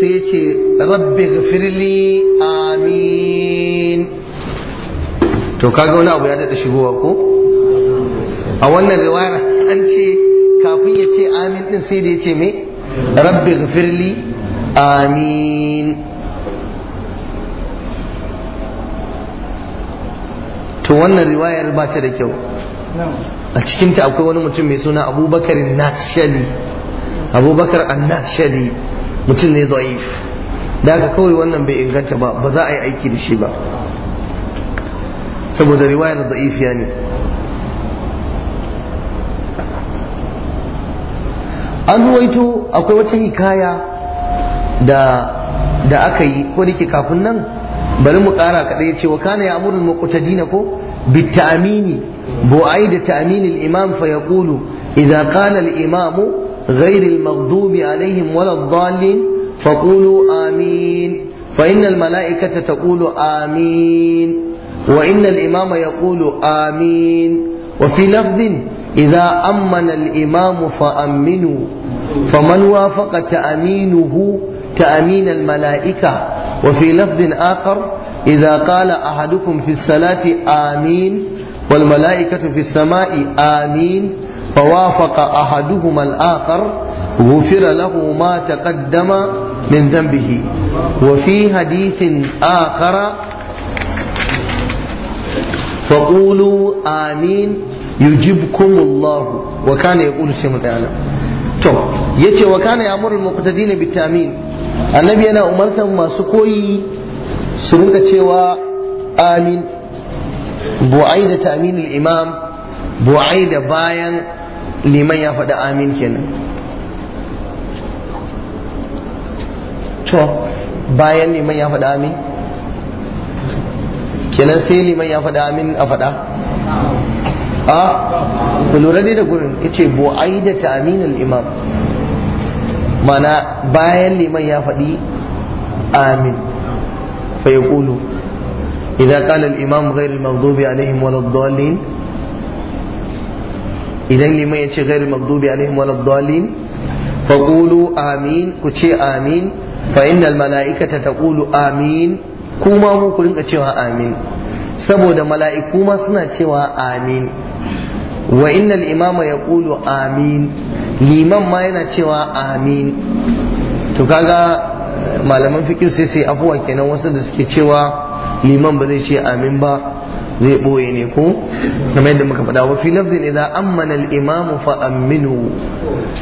sai ce rabbi ghafirli amin to kaga wani abu ya dada shigowa ko a wannan riwayar an ce kafin ya ce amin din sai da ya ce me rabbi gafirli, amin to wannan riwayar ba ta da kyau a cikinta akwai wani mutum mai suna abubakar nashali abubakar annashali mutum ne zaif da aka kawai wannan bai inganta ba ba za a yi aiki da shi ba saboda riwayar zaifiya ne an ruwaito akwai wata hikaya da da aka yi ko da ke kafin nan bari mu kara kaɗai ya ce wa kana ya amurul muqtadina ko bi ta'amini bu'ai da ta'aminil imam fa yaqulu idza qala al imam غير المغضوب عليهم ولا الضالين فقولوا آمين فإن الملائكة تقول آمين وإن الإمام يقول آمين وفي لفظ إذا أمن الإمام فأمنوا فمن وافق تأمينه تأمين الملائكة وفي لفظ آخر إذا قال أحدكم في الصلاة آمين والملائكة في السماء آمين فوافق أحدهما الآخر غفر له ما تقدم من ذنبه وفي حديث آخر فقولوا آمين yujibkumullahu wa kana yaqulu sai mu tsaya to yace wa kana ya'muru al-muqtadina bitamin annabi yana umartar masu koyi su rinka cewa amin bu'ai da taminul imam bu'ai da bayan liman ya faɗi amin kenan to bayan liman ya faɗi amin kenan sai liman ya faɗi amin a faɗa a lura dai da gurin ya ce, yace ai da ta'minul imam mana bayan liman ya faɗi amin fa yaqulu idza qala al imam ghayr al maghdubi alaihim wala dhalin idan liman yace ghayr al maghdubi alaihim wala dhalin fa qulu amin ku ce amin fa innal malaikata taqulu amin kuma mu ku rinka cewa amin saboda mala'iku ma suna cewa amin wa innal imama ya kulu amin liman ma yana cewa amin to kaga eh, malaman fikir sai sai afuwa kenan wasu da suke cewa liman ba zai ce amin ba zai boye ne ko kamar yadda muka faɗa wa fi lafzin idan ammana al-imamu fa aminu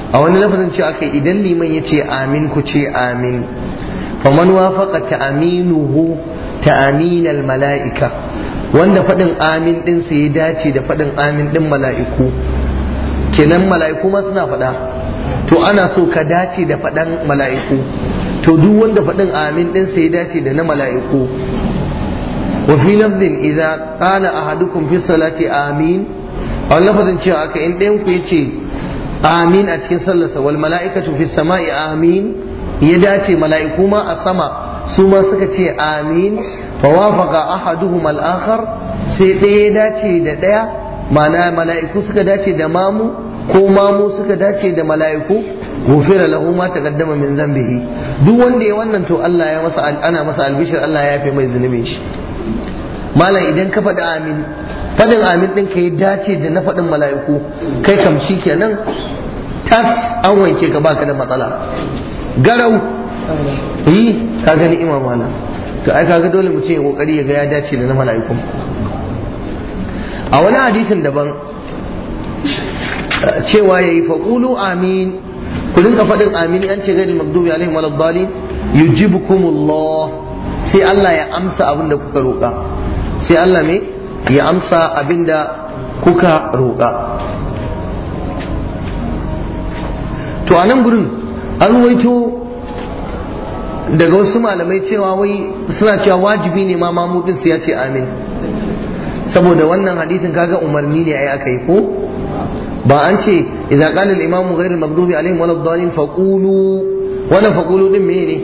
a wani lafazin cewa aka idan liman ya ce amin ku ce amin fa man wafaqa ta aminal mala'ika wanda faɗin amin ɗin su ya dace da faɗin amin ɗin mala'iku kenan mala'iku ma suna faɗa to ana so ka dace da faɗan mala'iku to duk wanda faɗin amin ɗin ya dace da na mala'iku wa fi lafzin idza qala ahadukum fi salati amin a lafazin cewa aka in ɗayan ku yace amin a cikin sallarsa wal mala'ikatu fi sama'i amin ya dace mala'iku ma a sama su ma suka ce amin fawafaqa ahaduhum al sai ɗaya ya dace da ɗaya mana mala'iku suka dace da mamu ko mamu suka dace da mala'iku gufira lahu ma taqaddama min zambihi duk wanda ya wannan to Allah ya masa ana masa albishir Allah ya yafe mai zunubin shi malam idan ka faɗi amin faɗin amin ɗin ka ya dace da na faɗin mala'iku kai kam shi kenan tas an wanke ka baka da matsala garau yi ka gani na. to ai kaga dole mutum ya kokari ya ga ya dace da na mala'iku a wani hadisin daban cewa yayi faqulu amin ku dinka faɗin amin an ce gairi magdubi alaihim waladdali yujibukumullah sai Allah ya amsa abin da kuka roƙa sai Allah me ya amsa abin kuka roƙa to a nan gurin an waito daga wasu malamai cewa wai suna cewa wajibi ne ma mamudin su ya ce amin saboda wannan hadithin kaga umarni ne ai aka yi ko ba an ce idan qala al imamu ghayr al maghdubi alaihim wal dhalin faqulu wannan faqulu din mene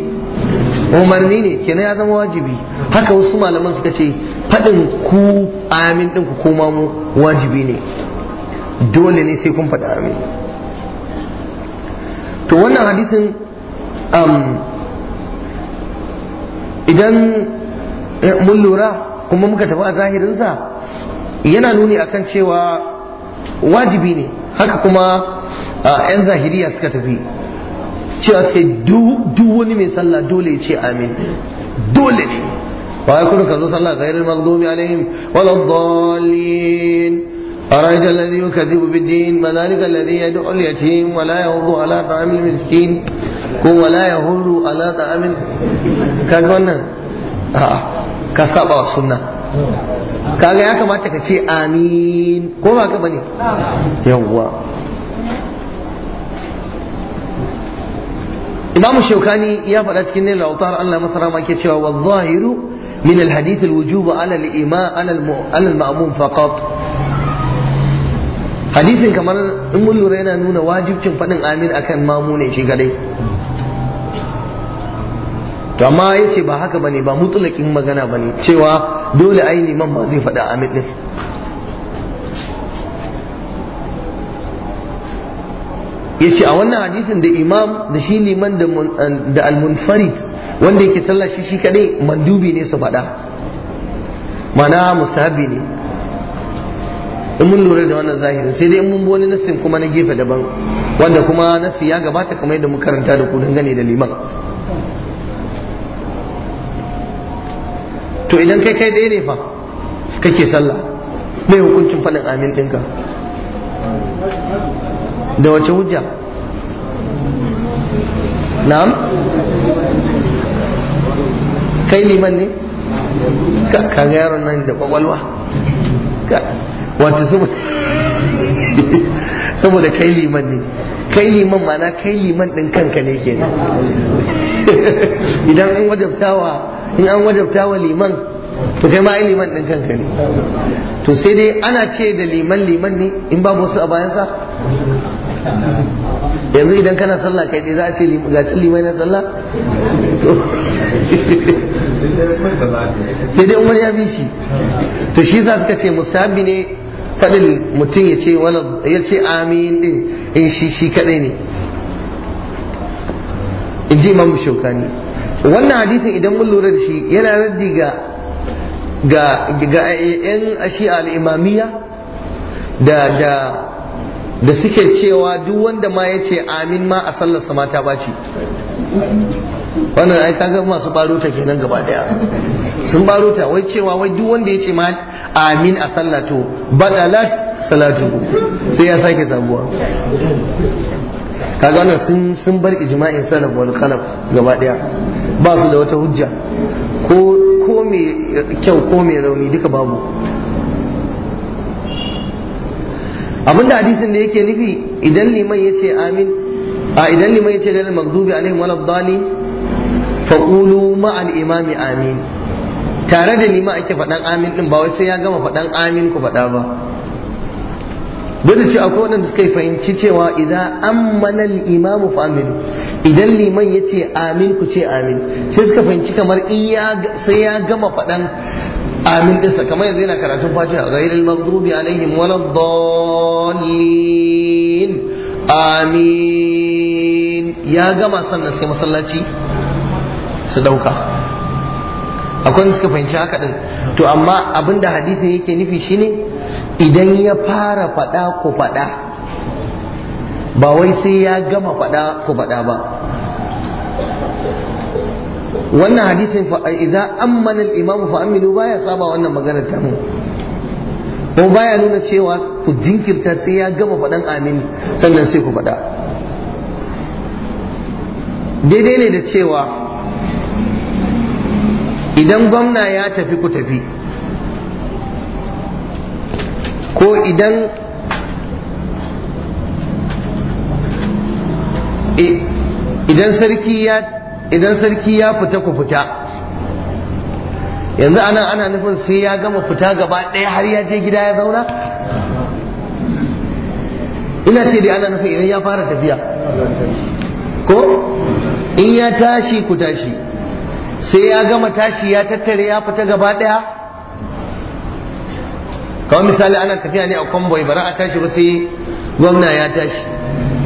ne umarni ne kenan ya zama wajibi haka wasu malaman suka ce faɗin ku amin ɗin ku koma mu wajibi ne dole ne sai kun faɗa amin to wannan hadisin um, idan eh, mun lura kuma muka tafi a zahirinsa yana nuni akan cewa wajibi ne haka kuma 'yan zahiriya suka tafi cewa suka yi duk wani mai sallah dole ya ce amin dole ne ba ya kudu ka zo sallah ga irin magdomi alaihim waladdallin أرأيت الذي يكذب بالدين فذلك الذي يدعو اليتيم ولا يوضع على طعام المسكين ko wala ya hurru ala amin kaga wannan ka saba wa sunna kaga ya kamata ka ce amin ko ba ka bane yawwa imamu shaukani ya faɗa cikin nila autar Allah masara ma ke cewa wa zahiru min alhadith alwujubu ala al-ima ala al-ma'mum faqat hadisin kamar in mun lura yana nuna wajibcin faɗin amin akan mamu ne shi gadai to amma yace ba haka bane ba mutulakin magana bane cewa dole aini man ma zai faɗa amin din ya ce a wannan hadisin da imam da shi liman da almunfarid wanda yake sallah shi shi kadai mandubi ne su faɗa mana musabi ne in mun lura da wannan zahirin sai dai in mun wani nassin kuma na gefe daban wanda kuma nassi ya gabata kamar yadda mun karanta da ku dangane da liman to idan kai kai dai ne fa kake sallah mai hukuncin faɗin amin ɗinka da wace hujja na'am kai liman ne ka ga yaron nan da kwakwalwa wato saboda kai liman ne kai liman mana kai liman ɗin kanka ne ke? idan an wajabtawa in an wajabta wa liman to kai ma ai liman din kanka ne to sai dai ana ce da liman liman ne in ba musu a bayansa yanzu idan kana sallah kai dai za a ce gacin liman na sallah (laughs) sai dai umar ya bi shi to shi za suka ce mustahabi ne faɗin mutum ya ce ya ce amin din in shi shi kaɗai ne in ji imam shaukani wannan hadisin idan mun lura da shi yana raddi ga ga ga ayyan ashi'a al-imamiyya da da da suke cewa duk wanda ma ya ce amin ma a sallar sama ta baci wannan ai kaga masu baruta kenan gaba daya sun ta wai cewa wai duk wanda ya ce ma amin a sallato badalat salatu sai ya sake sabuwa kaga wannan sun sun bar ijma'in salaf wal khalaf gaba daya ba su da wata hujja ko ko me kyau ko me rauni duka babu abinda hadisin da yake nufi idan liman yace amin a idan liman yace lil lal maghdubi alaihim walad fa qulu ma al imami amin tare da liman ake faɗan amin din ba wai sai ya gama faɗan amin ku faɗa ba duk ce akwai wanda suka fahimci cewa idan ammana imamu fa aminu idan liman yace amin ku ce amin sai suka fahimci kamar sai ya gama faɗan amin ɗinsa kamar yanzu yana karatun fatiha ghairil maghdubi alaihim waladdallin amin ya gama sannan sai masallaci su ɗauka akwai suka fahimci haka din to amma abinda hadisi yake nufi shine idan ya fara fada ku fada ba wai sai ya gama fada ku fada ba wannan hadisin idza ammana al-imam fa aminu baya saba wannan maganar ta mu ko baya nuna cewa ku jinkirta sai ya gama faɗan amin sannan sai ku faɗa daidai ne da cewa idan gwamna ya tafi ku tafi ko idan idan sarki ya idan sarki ya fita ku fita yanzu anan ana nufin sai ya gama fita gaba ɗaya har ya je gida ya zauna ina ce dai ana nufin idan ya fara tafiya ko in ya tashi ku tashi sai ya gama tashi ya tattare ya fita gaba daya kawai misali ana tafiya ne a kwamboi bara a tashi ba sai gwamna ya tashi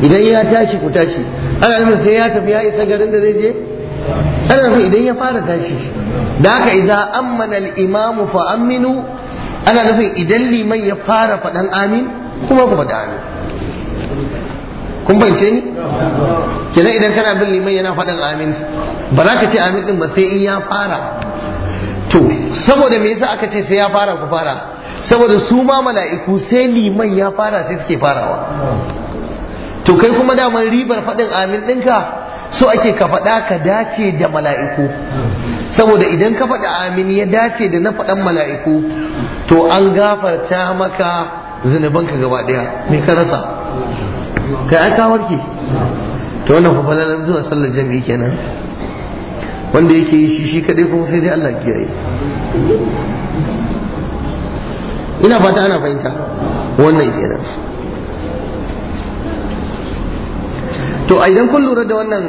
idan ya tashi ku tashi ana nufin sai ya tafi ya isa garin da zai je ana nufin idan ya fara tashi da haka idza ammana al-imamu fa aminu ana nufin idan liman ya fara faɗan amin kuma ku da amin kun bance ni kenan idan kana bin liman yana faɗin amin ba za ka ce amin din ba sai in ya fara to saboda me yasa aka ce sai ya fara ku fara saboda su ma mala'iku sai liman ya fara sai suke farawa to kai kuma daman ribar faɗin amin ɗinka so ake ka faɗa ka dace da mala'iku saboda idan ka faɗi amin ya dace da na faɗan mala'iku to an gafarta maka zunubanka gaba ɗaya me ka rasa kai ai ka warke to wannan fa falalar zuwa sallar jami'i kenan wanda yake yi shi shi kadai kuma sai dai Allah kiyaye ina fata ana fahimta wannan kenan to a idan kun lura da wannan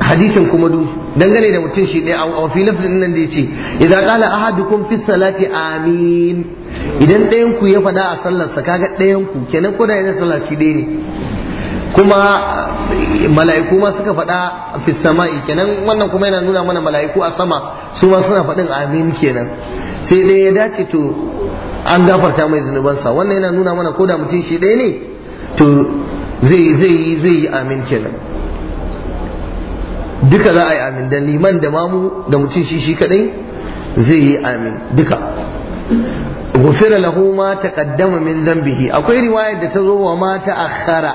hadisin kuma du dangane da mutum shi ɗaya a wafi lafzin nan da ya ce idan qala ahadukum fi salati amin idan ɗayan ku ya faɗa a sallarsa kaga ɗayan ku kenan ko da yana sallar ɗaya ne kuma eh, mala'iku ma suka faɗa fi sama'i kenan wannan kuma yana nuna mana mala'iku a sama su ma suna faɗin amin kenan sai ɗaya ya dace to an gafarta mai zunubansa wannan yana nuna mana ko da mutum shi ɗaya ne to zai yi zai yi amin kenan duka za a yi amin da liman da mamu da mutum shi shi kadai zai yi amin duka gufira lahu ma taqaddama min akwai riwayar da ta zo wa ma ta'akhkhara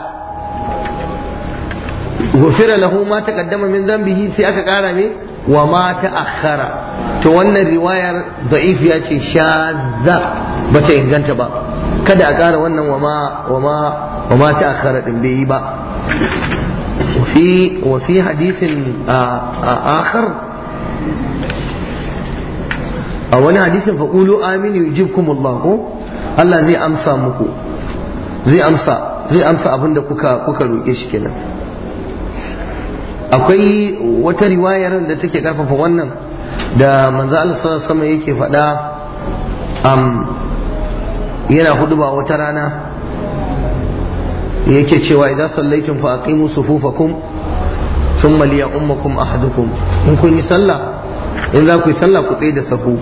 gufira lahu ma taqaddama min dhanbihi sai aka kara me wa ma ta'akhkhara to wannan riwayar da'if ya ce shadza bata inganta ba kada a ƙara wannan wa ma bai yi ba fi hadisin fi a wani hadisin faƙulu qulu aminu yujibkumullah ko Allah zai amsa muku zai amsa zai amsa abinda kuka kuka shi kenan akwai wata riwayar da take karfafa wannan da manzo Allah sallallahu alaihi yake faɗa am yana ba wata rana yake cewa idan sallaitum fa aqimu sufufakum thumma a ahadukum in kun yi sallah in za ku yi sallah ku tsaye da sahu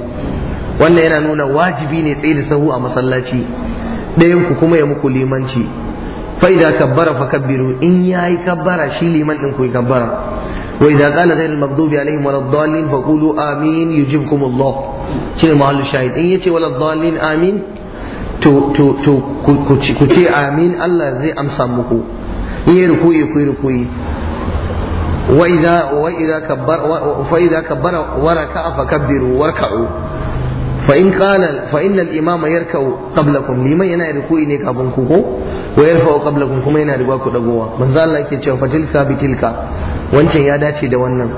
wannan yana nuna wajibi ne tsaye da sahu a masallaci ɗayan ku kuma ya muku limanci Fa'ida kabbara fa kabbiru in yayi kabbara shi liman din ku yi kabbara wa idza qala ghayril maghdubi alaihim waladdallin fa qulu amin shi ne mahallu shahid in yace waladdallin amin to to to ku ce amin Allah zai amsa muku in yi rukuyi ku yi rukuyi وإذا وإذا كبر فإذا كبر وركع فكبروا واركعوا فإن قال فإن الإمام يركع قبلكم لمن ينا ركوعي ne kafin ku ko wa yarfa'u qablakum kuma yana riga ku dagowa manzo Allah yake cewa fatilka wancan ya dace da wannan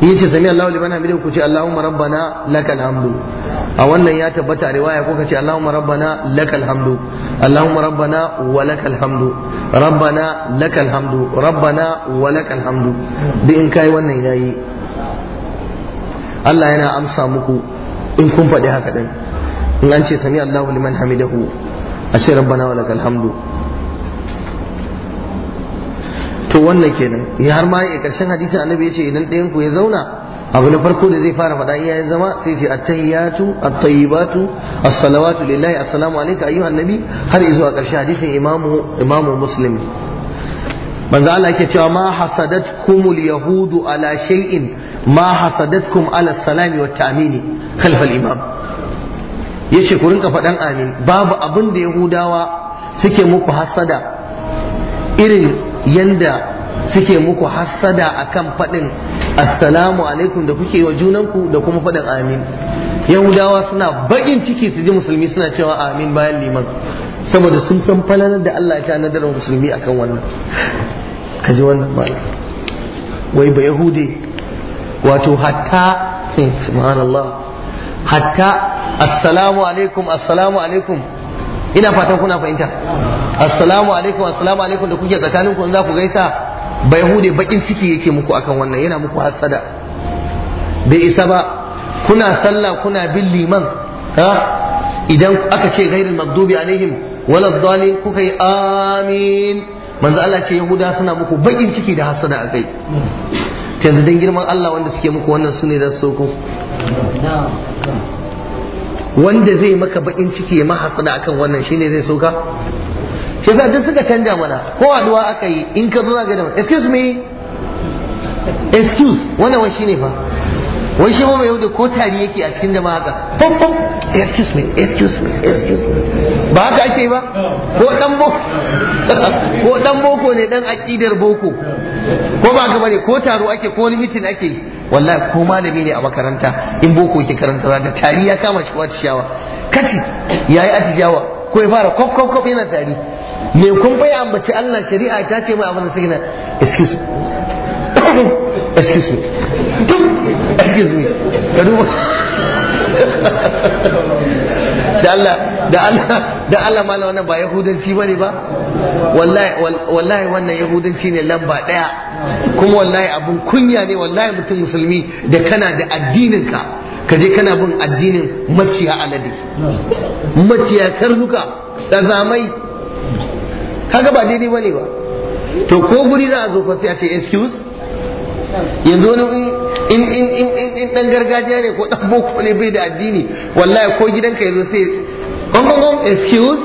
in yace sami Allahu liman hamidu ku ce Allahumma rabbana lakal hamdu a wannan ya tabbata a riwaya ko ka ce Allahumma rabbana lakal hamdu Allahumma rabbana wa lakal hamdu rabbana lakal hamdu rabbana wa lakal hamdu duk in kai wannan yayi Allah yana amsa muku in kun faɗi haka din in an ce sami Allahu liman hamidahu a ce rabbana wa lakal hamdu to wannan kenan ya eh, har ma a eh, ƙarshen hadisin annabi ya ce idan ɗayan ku ya zauna abu na farko da zai fara faɗa iyayen zama sai ce attahiyatu attayyibatu as-salawatu lillahi assalamu alayka ayyuhan annabi har zuwa ƙarshen hadisin imamu imamu muslim manzo Allah yake cewa ma hasadatkumul yahudu ala shay'in ma hasadatkum ala salami wa ta'mini khalf imam yace ku rinka faɗan amin babu abin da yahudawa suke muku hasada irin yanda suke muku hassada kan faɗin assalamu alaikum da kuke wa junanku da kuma faɗin amin yahudawa suna baƙin ciki su ji musulmi suna cewa amin bayan liman saboda sun san falalar da Allah ya tanadar wa musulmi akan wannan ka ji wannan ba wai ba yahude wato hatta (laughs) subhanallah hatta assalamu alaikum assalamu alaikum ina fatan kuna fahimta assalamu alaikum assalamu alaikum da kuke tsakanin ku in za ku gaisa bai hude bakin ciki yake muku akan wannan yana muku hasada bai isa ba kuna sallah kuna bin liman ha idan aka ce ghairul maghdubi alaihim wala dhalin kuka yi amin manzo Allah ce yahuda suna muku bakin ciki da hasada a kai yanzu dan girman Allah wanda suke muku wannan sune da soko wanda zai maka bakin ciki ya hasada akan wannan shine zai soka shi za duk suka canja mana ko aduwa aka yi in ka zo zaka da excuse me excuse wannan wai shine fa wai shi mai yau da ko tari yake a cikin jama'a haka pop pop excuse me excuse me excuse me ba haka ake ba ko dan boko (laughs) ko dan boko ne dan aƙidar boko ko ba ka bane ko taro ake ko limitin ake wallahi ko malami ne a makaranta in boko yake karanta zaka tari ya kama shi ko atishawa kaci yayi atishawa ko ya fara kop kop kop yana tari me kun bai ambaci Allah shari'a ta ce mai abin da suke na excuse (coughs) excuse me excuse me ka duba (laughs) da Allah da Allah da Allah mala wannan ba yahudanci bane ba wallahi wallahi wannan yahudanci ne lamba daya kuma wallahi abun kunya ne wallahi mutum musulmi da kana da addinin ka ka je kana bin addinin maciya alade maciya karnuka da zamai kaga ba daidai bane ba to ko guri za a zo fa sai a ce excuse yanzu wani in in in in in dan gargajiya ne ko dan boko ne bai da addini wallahi ko gidanka yanzu sai on excuse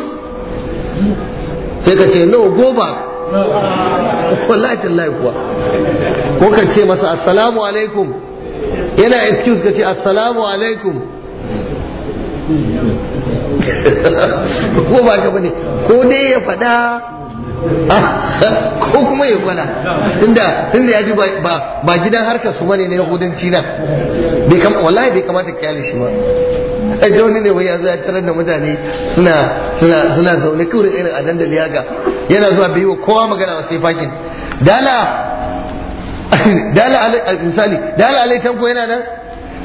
sai ka ce no go back wallahi tallahi kuwa ko ka ce masa assalamu alaikum yana excuse ka ce assalamu alaikum (laughs) ko ba ka bane ko dai ya faɗa ah, (laughs) ko kuma ya kwana tunda tunda ya ji ba gidan harkar su bane na yahudanci na bai kama wallahi bai kamata kyale shi ba a wani ne wai ya zo ya tarar da mutane suna suna suna zaune kawai irin a dandali haka yana zuwa bai wa kowa magana wasu sai fakin dala (laughs) dala misali dala alai tanko yana nan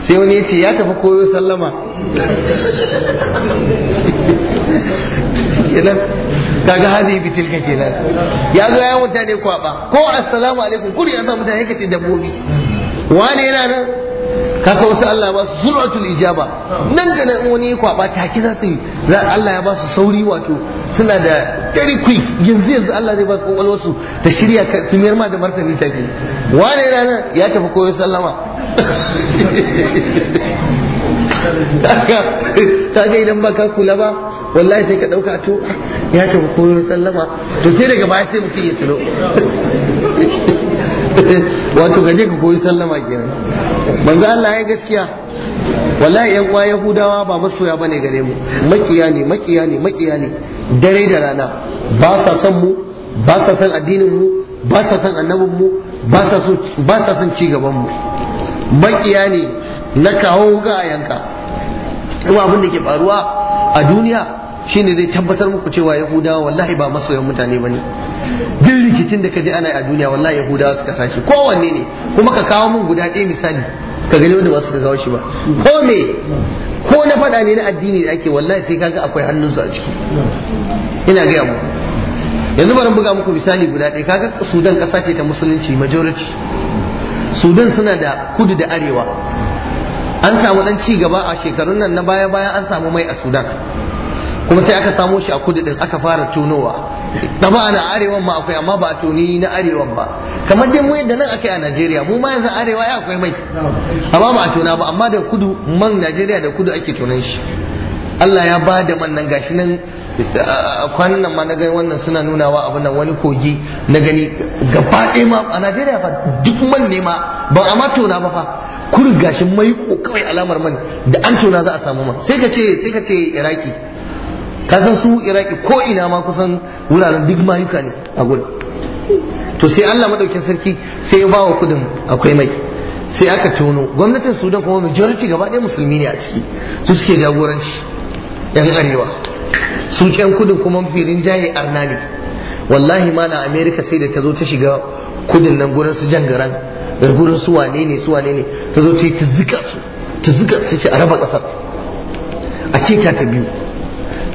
sai wani ya ce ya tafi koyo sallama kenan kaga hadi bi tilka kenan ya zo ya mutane kwaba ko assalamu alaikum kuri ya sa mutane kace dabbobi wani yana nan ka sa wasu Allah ba su suratul ijaba nan da nan wani kwaba take za su Allah ya ba su sauri wato suna da very quick yanzu yanzu Allah zai ba su kwakwalwarsu ta shirya su mayar ma da martani ke wane rana ya tafi koyo sallama (laughs) Ta ga idan ba ka kula ba wallahi sai ka dauka to ya tafi koyo sallama to sai daga baya sai mutum ya tuno (laughs) wato gaje ka koyi sallama kenan manzo Allah ya gaskiya wallahi yan uwa yahudawa ba masoya bane gare mu makiya ne makiya ne makiya ne dare da rana ba sa son mu ba sa son addinin mu ba sa son annabin mu ba sa so ba sa son ci gaban mu makiya ne na kawo ga yanka kuma abin da ke faruwa a duniya shine zai tabbatar muku cewa yahudawa wallahi ba masoyan mutane bane duk rikicin da ka je ana a duniya wallahi yahudawa suka sashi kowanne ne kuma ka kawo mun guda ɗaya misali ka gani wanda ba su gawa shi ba ko me ko na faɗa ne na addini da ake wallahi sai kaga akwai hannunsu a ciki ina gaya mu yanzu bari buga muku misali guda ɗaya kaga sudan ƙasa ce ta musulunci majority sudan suna da kudu da arewa an samu ɗan ci gaba a shekarun nan na baya bayan an samu mai a sudan kuma sai aka samo shi a kudu din aka fara tunowa da ba na arewan ma akwai amma ba a tuni na arewan ba kamar dai mu yadda nan akai a Najeriya mu ma yanzu arewa ya akwai mai amma ba a tuna ba amma da kudu man Najeriya da kudu ake tunan shi Allah ya ba da man nan gashi nan kwanan nan ma na gani wannan suna nunawa abin nan wani kogi na gani gaba ɗaya ma a Najeriya fa duk man ne ma ban amma tona ba fa kudu gashi mai ko kawai alamar man da an tona za a samu man sai ka ce sai ka ce Iraki ka san su iraki ko ina ma kusan wuraren duk mayuka ne a gudu to sai Allah madaukin sarki sai ya ba wa kudin akwai mai sai aka tono gwamnatin sudan kuma majority gaba ɗaya musulmi ne a ciki su suke jagoranci yan arewa su yan kudin kuma firin jaye arna ne wallahi ma na america sai da ta zo ta shiga kudin nan gurin su jangaran da su wane ne su wane ne ta zo ta zika su ta zika su ce a raba kasar a ce ta ta biyu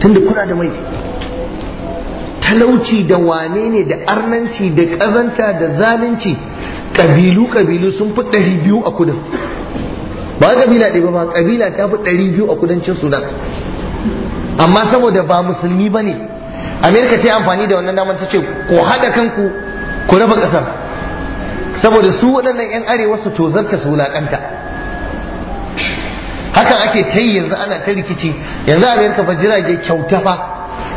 tunda kuna da mai talauci da wane ne da arnanci da ƙazanta da zalunci ƙabilu ƙabilu sun fi ɗari biyu a kudu ba ƙabila ɗaya ba ƙabila ta fi ɗari biyu a kudancin sudan amma saboda ba musulmi ba ne amerika ta yi amfani da wannan damar ta ce ku haɗa kanku ku raba ƙasar saboda su waɗannan 'yan arewa su tozarta su wulaƙanta hakan ake ta yi yanzu ana ta rikici yanzu amerika fa jirage kyauta fa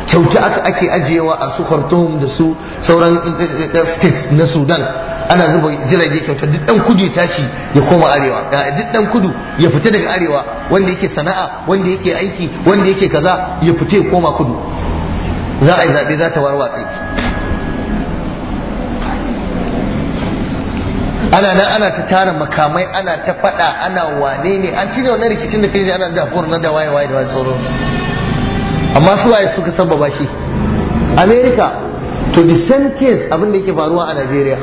kyauta aka ake ajiyewa a su khartoum da su sauran eh, eh, eh, states na sudan ana zuba jirage kyauta duk dan kudu ya tashi ya koma arewa duk dan kudu ya fita daga arewa wanda yake sana'a wanda yake aiki wanda yake kaza ya fita ya koma kudu za a yi zaɓe za ta warwatse ana nan ana ta tara makamai ana ta faɗa ana wane ne an cinye wannan rikicin da kai ana da na da waye waye da waye tsoro amma su waye suka sababa shi America to the same case abin da yake faruwa a Najeriya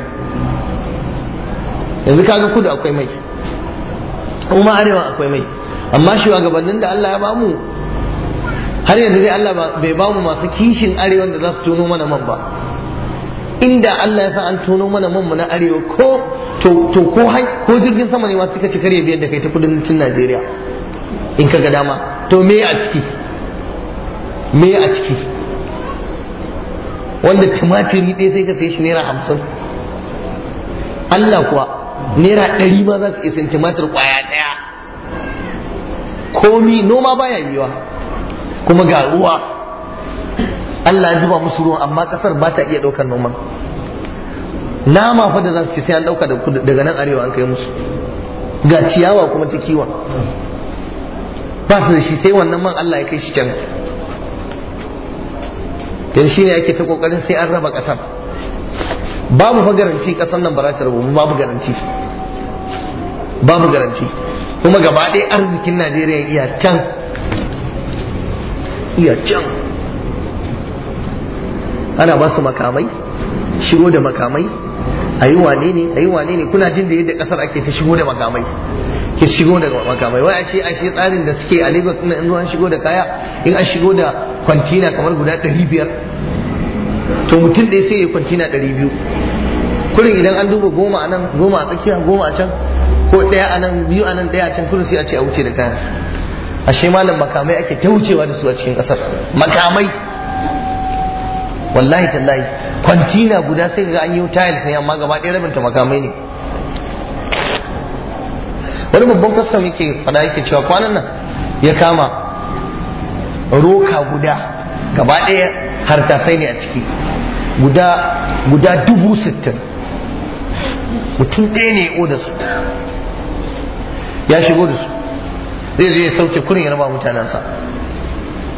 yanzu kaga kudu akwai mai kuma arewa akwai mai amma shi wa gabanin da Allah ya bamu har yanzu dai Allah bai bamu masu kishin arewa da za su tono mana man ba inda Allah ya sa an tono mana man na arewa ko to to ko ko jirgin sama ne ma suka ci kare biyar da kai ta kudancin Najeriya in ka ga dama to me a ciki me a ciki wanda tumatiri ɗaya sai ka sai shi naira hamsin Allah kuwa naira ɗari ma za ka iya tumatir ƙwaya ɗaya komi noma baya yiwa kuma ga ruwa Allah ya zuba musu ruwan amma kasar ba ta iya ɗaukar noman nama fa da za su ci sai an ɗauka daga nan arewa an kai musu ga ciyawa kuma ta kiwon ba su da shi sai wannan man Allah ya kai shi can shi shine ake ta kokarin sai an raba kasar babu fa garanti kasar nan ba za ta rabu babu garanti babu garanti kuma gaba ɗaya arzikin Najeriya iya can iya can ana ba su makamai shigo da makamai a yi wane ne a yi wane ne kuna jin da yadda kasar ake ta shigo da makamai ke shigo da makamai wai ashe ce tsarin da suke a Lagos ina in an shigo da kaya in an shigo da kwantina kamar guda 500 to mutum ɗaya sai ya kwantina 200 kurin idan an duba goma a nan goma a tsakiya goma a can ko ɗaya a nan biyu a nan ɗaya a can kurin sai a ce a wuce da kaya ashe malam makamai ake ta wucewa da su a cikin ƙasar makamai wallahi tallahi kwantina guda sai ga an yi tile ne amma gaba ɗaya rabin ta makamai ne wani babban kwastam yake fada yake cewa kwanan nan ya kama roka guda gaba ɗaya har sai ne a ciki guda guda dubu sittin mutum ɗaya ne ya da su ya shigo da su zai zo ya sauke kurin ya raba mutanensa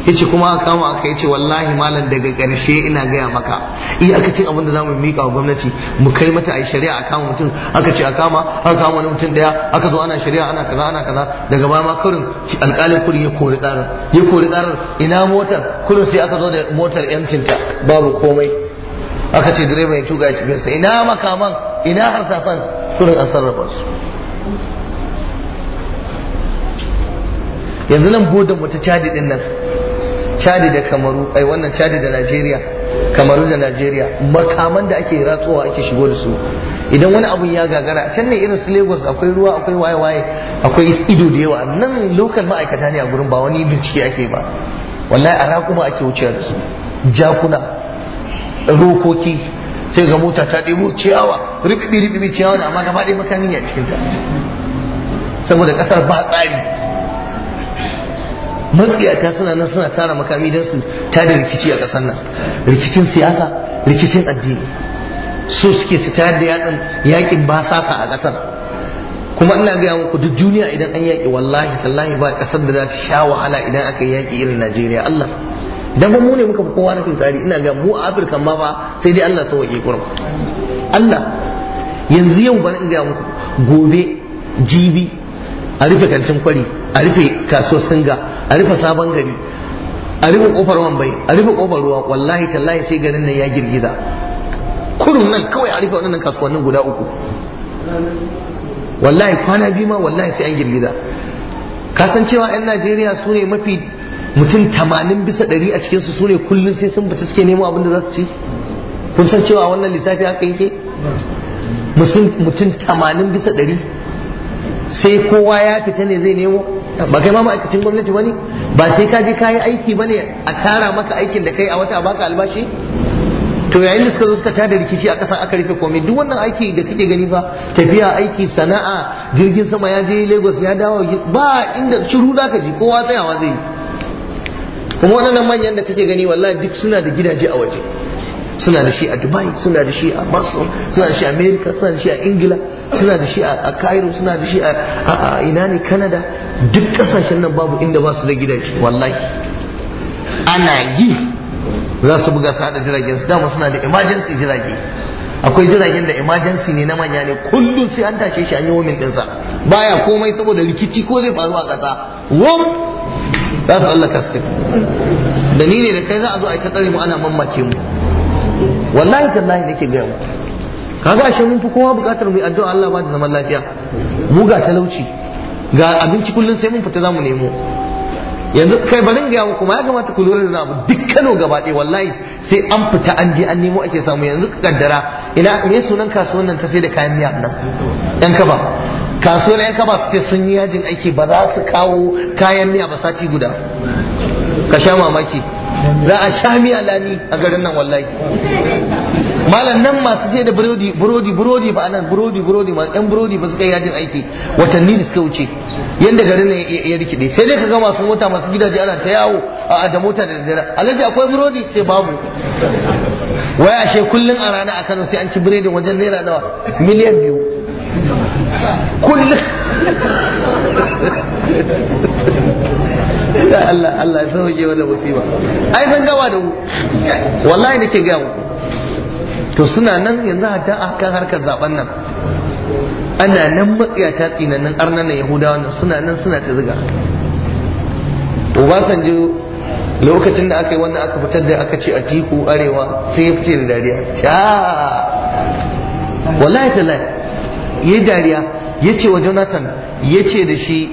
yace kuma aka kama aka yace wallahi malam daga ƙarshe ina gaya maka i eh, aka ce abin da zamu mika wa gwamnati mu kai mata a shari'a a kama mutum aka ce a kama aka kama wani mutum daya aka zo ana shari'a ana kaza ana kaza daga baya ma kurin alƙalin kurin ya kori tsarin ya kori tsarin ina motar kurin sai aka zo da motar ta babu komai aka ce direba ya tuga shi ina makaman ina harsasan kurin an sarrafa su yanzu nan bodan wata cadi din nan chadi da kamaru ai wannan chadi da najeriya kamaru da najeriya makaman da ake ratsuwa ake shigo da su idan wani abun ya gagara can ne irin su lagos akwai ruwa akwai waye waye akwai ido da yawa nan lokal ma'aikata ne a gurin ba wani bincike ake ba wallahi a rakuma ake wuce da su jakuna rokoki sai ga mota ta ɗebo ciyawa ribibi ribibi ciyawa amma gaba ɗaya makamin ya a cikinta saboda ƙasar ba tsari matsiyata suna nan suna tara makami don su tada rikici a ƙasar nan rikicin siyasa rikicin addini su suke su ta da yakin yakin basasa a ƙasar kuma ina gaya muku duk duniya idan an yaƙi wallahi tallahi ba ƙasar da za ta sha wahala idan aka yi yaƙi irin Najeriya Allah dan mu ne muka fi kowa na tsari ina ga mu a Afirka ma fa sai dai Allah sauke kurum Allah yanzu yau ba na gaya muku gobe jibi a rufe kancin kwari a rufe kasuwar singa a rufe sabon gari a rufe kofar wambai a rufe kofar ruwa wallahi tallahi sai garin nan ya girgiza kurum nan kawai a rufe wannan kasuwannin guda uku wallahi kwana biyu ma wallahi sai an girgiza kasancewa 'yan najeriya su ne mafi mutum tamanin bisa ɗari a cikinsu su ne kullum sai sun fita suke nemo abin da za su ci kun san cewa wannan lissafi haka yake mutum tamanin bisa ɗari sai kowa ya fita ne zai nemo ba kai ma ma'aikacin gwamnati bane ba sai ka je kayi aiki bane a tara maka aikin da kai a wata baka albashi to yayin da suka zo suka tada rikici a ƙasa aka rufe komai duk wannan aiki da kake gani fa tafiya aiki sana'a jirgin sama ya je Lagos ya dawo ba inda shiru ka ji kowa tsayawa zai yi kuma waɗannan manyan da kake gani wallahi duk suna da gidaje a waje suna da shi a dubai suna da shi a masar suna da shi a america suna da shi a ingila suna da shi a cairo suna da shi a ina ne canada duk kasashen nan babu inda ba su da gidaje wallahi ana yi za su buga su da jiragen su dama suna da emergency jirage akwai jiragen da emergency ne na manya ne kullum sai an tashe shi an yi womin ɗinsa baya komai saboda rikici ko zai faru a kasa, wom za su allaka su da ni ne da kai za a zo a yi ta tsare mu ana mamake mu wallahi tallahi nake gaya muku kaga ashe mun fi kowa bukatar mu addu'a Allah ba da zaman lafiya mu ga talauci ga abinci kullum sai mun fita zamu nemo yanzu kai barin gaya muku ma ya kamata ku lura da abu duk Kano gaba ɗaya wallahi sai an fita an je an nemo ake samu yanzu ka kaddara ina me sunan kasuwar nan ta sai da kayan miya nan yan kaba kasuwar yan kaba su ce sun yi yajin aiki ba za su kawo kayan miya ba sati guda ka sha mamaki za a sha mi lani a garin nan wallahi malam nan masu sai da burodi burodi burodi ba nan burodi burodi ma yan burodi ba suka yi yajin aiki watanni da suka wuce yanda garin nan ya rikide sai dai kaga masu mota masu gidaje ana ta yawo a da mota da dare alhaji akwai burodi sai babu waya ashe kullun a rana a Kano sai an ci biredin wajen naira nawa miliyan biyu كل لا الله الله ya sauke ولا musiba ai san gaba da mu wallahi nake to suna nan yanzu hatta akan harkar zaben nan ana nan matsiyata tsinannin arnan yahudawa nan suna nan suna ta ziga Obasanjo lokacin da aka yi wannan aka fitar da aka ce a tiku arewa sai ya fice da dariya sha wallahi ya dariya ya ce wa jonathan ya ce da shi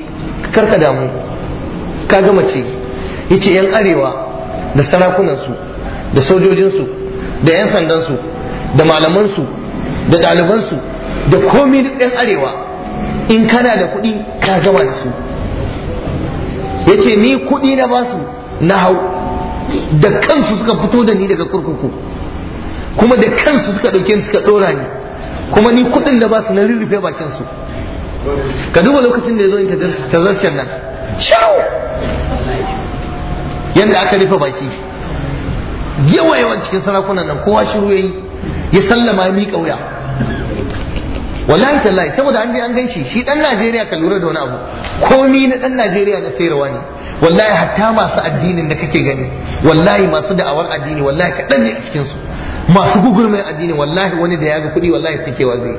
karka damu ka gama ce ya ce yan arewa da sarakunansu da sojojinsu da yan sandansu da malamansu da ɗalibansu da komi duk yan arewa in kana da kuɗi ka gama da su ya ce ni kuɗi na basu na hau da kansu suka fito da ni daga kurkuku kuma da kansu suka ɗauke suka ɗora ni kuma ni kuɗin da ba su na rurrufe bakin su ka duba lokacin da ya zo yin tazarciyar nan shawo yadda aka rufe baki yawa yawan cikin sarakunan nan kowa shiru yayi ya sallama ya kauya. wallahi tallahi saboda an je an gan shi dan Najeriya ka lura da wani abu komi na dan Najeriya na sayarwa ne wallahi hatta masu addinin da kake gani wallahi masu da'awar addini wallahi kaɗan ne a cikin su masu gugurmai addini wallahi wani da ya ga kuɗi wallahi sakewa zai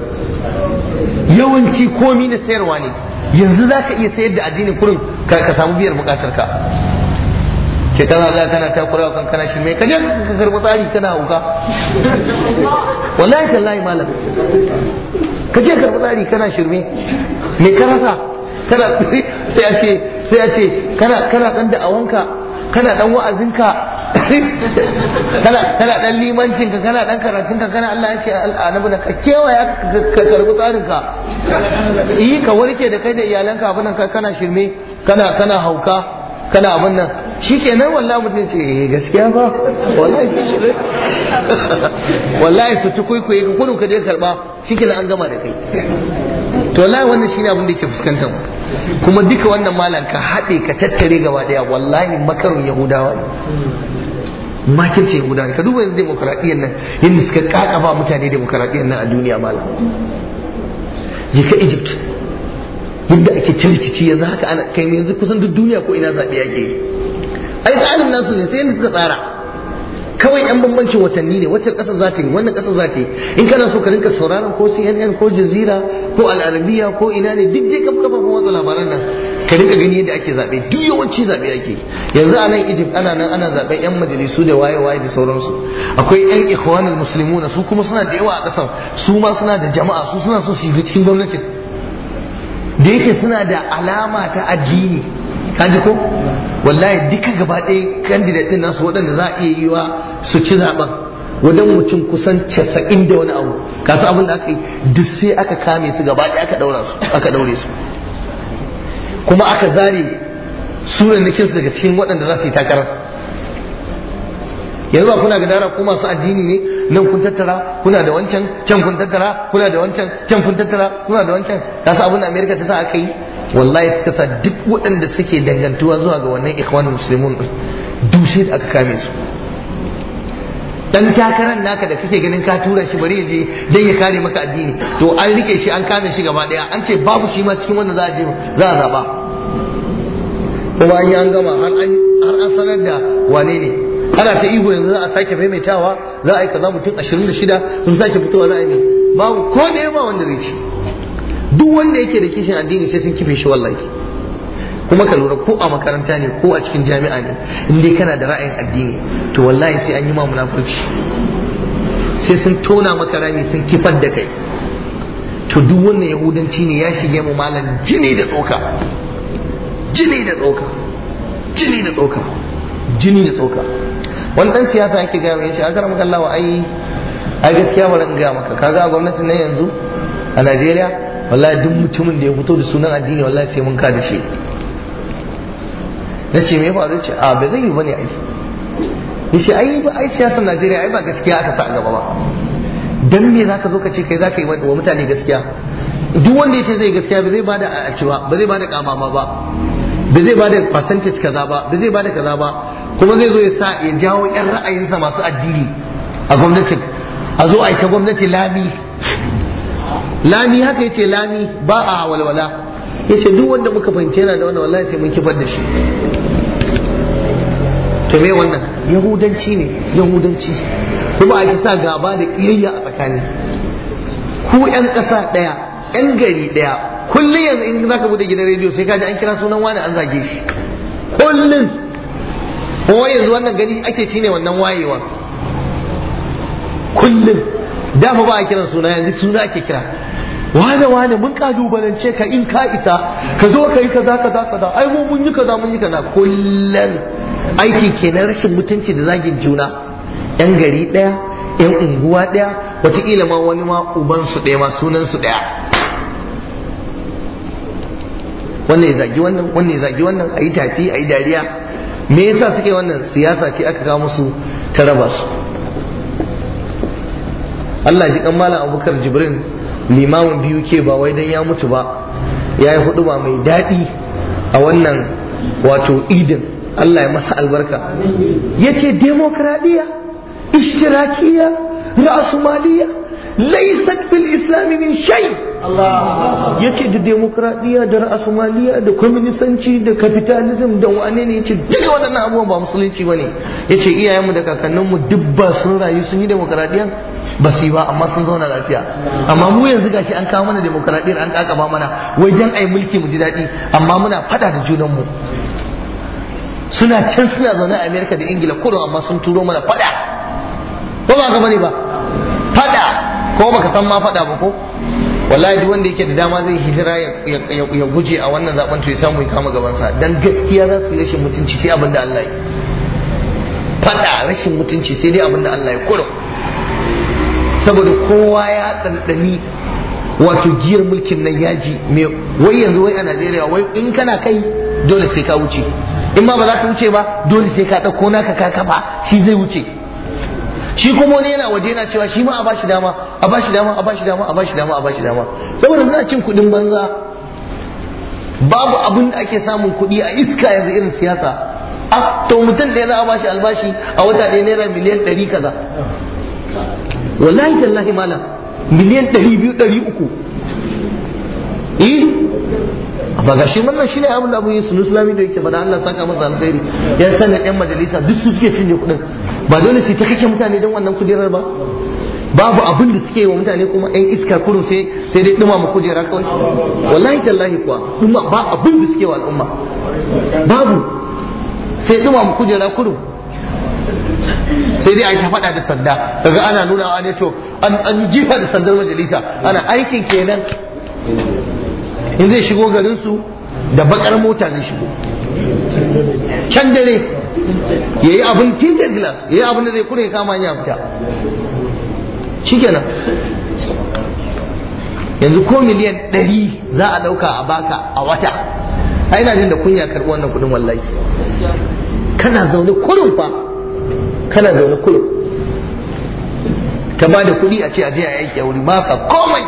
yawanci komi na sayarwa ne yanzu za ka iya sayar da addini kurin ka samu biyar bukatar ka ke kana za kana takurawa kan kana shi mai kaje ka karɓi tsari kana hauka wallahi tallahi malam ka ce karɓi tsari kana shirme me ka rasa kana (laughs) sai a ce sai a ce kana kana dan da'awanka kana dan wa'azinka kana kana dan limancin ka kana dan karatun ka kana Allah ya ce annabi da ka kewaya ka karbi tsarin ka yi ka warke da kai da iyalanka abin nan kana shirme kana kana hauka kana abin nan shikenan wallahi mutum ce eh gaskiya ba wallahi shi wallahi su tukuikuye ka kudu ka je karba shikenan an gama da kai to wallahi wannan shine abin da yake fuskantar mu kuma duka wannan malam ka haɗe ka tattare gaba daya wallahi makarun yahudawa ne makirce guda ka duba yanzu demokaradiyyar nan yadda suka ba mutane demokaradiyyar nan a duniya malam je ka egypt yadda ake tarkici yanzu haka ana kai yanzu kusan duk duniya ko ina zaɓe ake yi ai tsarin nasu ne sai yadda suka tsara kawai yan bambancin watanni ne wacce ƙasa za ta yi wannan ƙasa za ta yi in kana so ka rinka sauraron ko CNN ko jazira ko alarabiya ko ina ne duk dai kafafen watsa labaran nan ka rika gani yadda ake zaɓe. duk yawanci zabe ake yanzu a nan Egypt ana nan ana zaben yan majalisu da waye waye da sauransu akwai yan ikhwanul muslimuna su kuma suna da yawa a kasar su ma suna da jama'a su suna so su yi cikin gwamnatin da yake suna da alama ta addini kaji ko wallahi duka gaba ɗaya candidate ɗin nasu waɗanda za a iya yi wa su ci zaben wadan mutum kusan casa'in da wani abu kasu abin da aka yi duk sai aka kame su gaba ɗaya aka ɗaure su kuma aka zare sunan nikinsu daga cikin waɗanda za su yi takarar yanzu ba kuna gadara ko masu addini ne nan kun tattara kuna da wancan can kun tattara kuna da wancan can kun tattara kuna da wancan ka sa abin da amerika ta sa aka yi wallahi ta sa duk waɗanda suke dangantuwa zuwa ga wannan ikhwanul muslimun dushe da aka kame su dan takarar naka da kake ganin ka tura shi bari je dan ya kare maka addini to an rike shi an kame shi gaba daya an ce babu shi ma cikin wanda za a je za a zaba kuma an yi an har an sanar da wane ne ana ta ihu yanzu za a sake maimaitawa za a yi kaza mutum 26 sun sake fitowa za a yi babu ko da ba wanda zai ci duk wanda yake da kishin addini sai sun kife shi wallahi kuma ka lura ko a makaranta ne ko a cikin jami'a ne in dai kana da ra'ayin addini to wallahi sai an yi ma munafurci sai sun tona maka rami sun kifar da kai to duk wannan yahudanci ne ya shige mu malam jini da tsoka jini da tsoka jini da tsoka jini da tsoka wani dan siyasa yake ga shi a karamar wa ai a gaskiya bari in maka kaga gwamnati ne yanzu a Najeriya wallahi duk mutumin da ya fito da sunan addini wallahi sai mun ka da shi na ce me faru ce a ah, bai zai yi bane aiki. ya ce ai ba ai siyasar najeriya ai ba gaskiya aka sa a gaba ba dan me zaka zo ka ce kai zaka yi wa mutane gaskiya duk wanda ya ce zai gaskiya ba zai da a ci ba zai ba da kamama ba ba zai ba da percentage kaza ba ba zai ba da kaza ba kuma zai zo ya sa ya jawo yan ra'ayinsa masu addini a gwamnatin a zo a ka gwamnati lami (laughs) lami haka ya ce lami ba a walwala yace duk wanda muka fahimci yana da wannan wallahi sai mun kifar da shi to me wannan yahudanci ne yahudanci kuma ake sa gaba da kiyayya a tsakani ku yan ƙasa ɗaya yan gari ɗaya kullum yanzu in zaka bude gidan rediyo sai kaji an kira sunan wani an zage shi kullum kuma yanzu wannan gani ake ne wannan wayewa kullum da ba a kiran suna yanzu suna ake kira wane wane mun dubalance ka in ka isa ka zo ka yi kaza kaza kaza ai mu mun yi kaza mun yi kaza kullum aikin kenan rashin mutunci da zagin juna yan gari ɗaya yan unguwa ɗaya wataƙila ma wani ma uban su ɗaya ma sunan su ɗaya wannan ya zagi wannan wannan ya zagi wannan ayi tafi ayi dariya me yasa suke wannan siyasa ce aka kama musu ta raba su Allah ji kan malam Abubakar Jibrin limamin biyu ke ba wai dan ya mutu ba ya yi hudu mai daɗi a wannan wato idin Allah ya masa albarka ya ce demokradiyya ishtirakiya ra'asumaliya laysat fil islami min shay ya ce da demokradiyya da ra'asumaliya da kwaminisanci da kapitalism da wane ne ya ce duka waɗannan abubuwan ba musulunci ba ne ya ce iyayenmu da kakanninmu duk ba sun rayu sun yi demokradiyya ba su yi ba amma sun zauna lafiya amma mu yanzu gashi an kawo mana demokradiyyar an ba mana wai dan ai mulki mu ji daɗi amma muna fada da junan mu suna can suna zaune a Amerika da Ingila kudu amma sun turo mana fada Ko ba ka bane ba fada ko baka san ma fada ba ko wallahi duk wanda yake da dama zai hijira ya guje a wannan zaben to ya samu ya kama gabansa dan gaskiya za su rashin mutunci sai abin da Allah ya fada rashin mutunci sai dai abin da Allah ya kurum saboda kowa ya ɗanɗani wato giyar mulkin nan yaji mai wai yanzu wai a Najeriya wai in kana kai dole sai ka wuce in ma ba za ka wuce ba dole sai ka ɗauko naka ka kafa shi zai wuce shi kuma wani yana waje yana cewa shi ma a bashi dama a bashi dama a bashi dama a bashi dama a bashi dama saboda suna cin kuɗin banza babu abin da ake samun kuɗi a iska yanzu irin siyasa a ah, to mutum ɗaya za a bashi albashi a wata ɗaya naira miliyan ɗari kaza wallahi tallahi malam miliyan ɗari biyu ɗari uku eh ba ga shi wannan shine abin da abun Yusuf Islami da yake bada Allah saka masa alkhairi ya sanar ɗan majalisa duk su suke cinye kuɗin ba dole su ta kake mutane don wannan kujerar ba babu abin da suke yi wa mutane kuma ɗan iska kurun sai sai dai ɗuma ma kujera kawai wallahi tallahi kuwa ɗuma ba abin da suke wa al'umma babu sai ɗuma ma kujera kurun sai dai a yi ta faɗa da sanda daga ana nuna ne to an jifa da sandar majalisa ana aikin kenan in zai shigo garinsu da bakar mota zai shigo can dare ya yi abin tinta glass ya yi abin da zai kure kama ya fita shi kenan yanzu ko miliyan ɗari za a ɗauka a baka a wata a ina jin da kunya karɓi wannan kuɗin wallahi kana zaune kurin fa kana zaune kullum ka ba da kuɗi a ce a je a aiki a wuri ba ka komai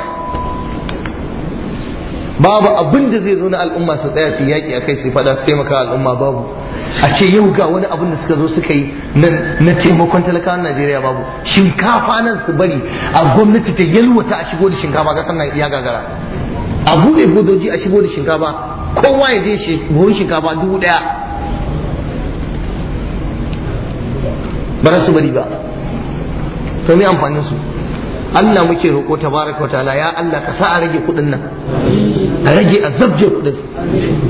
babu abin da zai zo na al'umma su tsaya su yaki a kai su faɗa su taimaka al'umma babu a ce yau ga wani abin da suka zo suka yi na taimakon talakawan najeriya babu shinkafa nan su bari a gwamnati ta yalwata a shigo da shinkafa ga sannan ya gagara a buɗe bodoji a shigo da shinkafa kowa ya je buhun shinkafa dubu ɗaya ba za su bari ba to me amfanin su Allah muke roƙo tabaraka wa ta'ala ya Allah ka sa a rage kuɗin nan a rage a zabje kuɗin